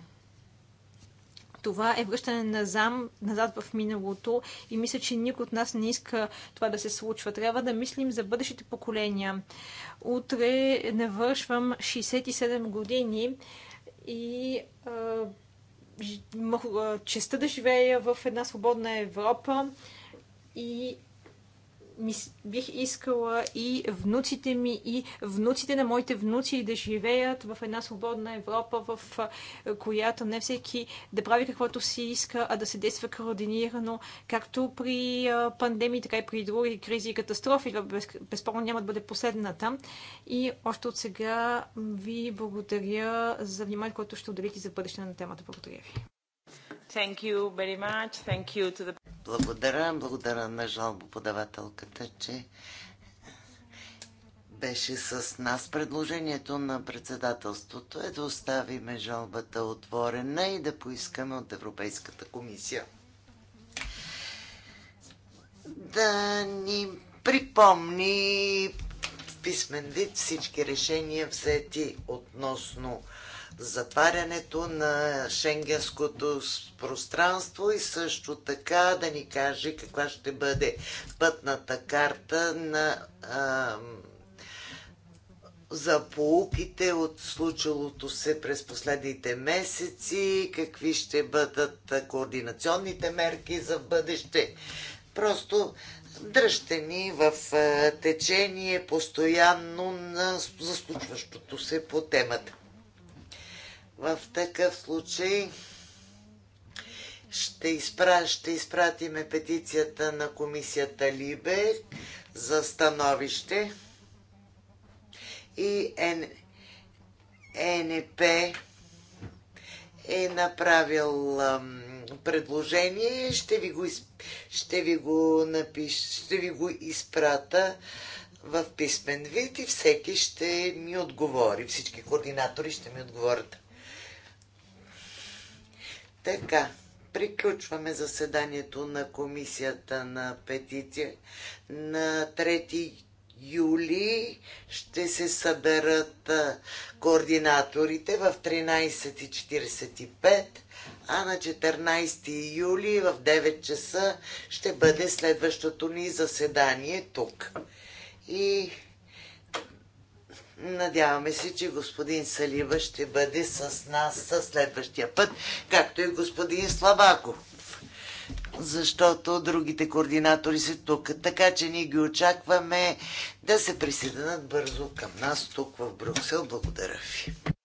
Това е връщане назам, назад в миналото и мисля, че никой от нас не иска това да се случва. Трябва да мислим за бъдещите поколения. Утре навършвам 67 години и честа да живея в една свободна Европа и бих искала и внуците ми, и внуците на моите внуци да живеят в една свободна Европа, в която не всеки да прави каквото си иска, а да се действа координирано, както при пандемии, така и при други кризи и катастрофи. Безспорно няма да бъде последната. И още от сега ви благодаря за вниманието, което ще отделите за бъдеще на темата. Благодаря ви.
The... Благодаря, благодаря на жалбоподавателката, че беше с нас. Предложението на председателството е да оставиме жалбата отворена и да поискаме от Европейската комисия да ни припомни в писмен вид всички решения взети относно затварянето на шенгенското пространство и също така да ни каже каква ще бъде пътната карта на, а, за полуките от случилото се през последните месеци, какви ще бъдат координационните мерки за бъдеще. Просто дръжте ни в течение постоянно на заслучващото се по темата. В такъв случай ще, изпра, ще изпратиме петицията на комисията Либе за становище и Н... НП е направил ам, предложение, ще ви го, из... ще ви го напиш, ще ви го изпрата в писмен вид и всеки ще ми отговори, всички координатори ще ми отговорят. Така, приключваме заседанието на комисията на петиция. На 3 юли ще се съберат координаторите в 13.45, а на 14 юли в 9 часа ще бъде следващото ни заседание тук. И Надяваме се, че господин Салива ще бъде с нас със следващия път, както и господин Славаков защото другите координатори са тук. Така че ние ги очакваме да се присъединят бързо към нас тук в Брюксел. Благодаря ви.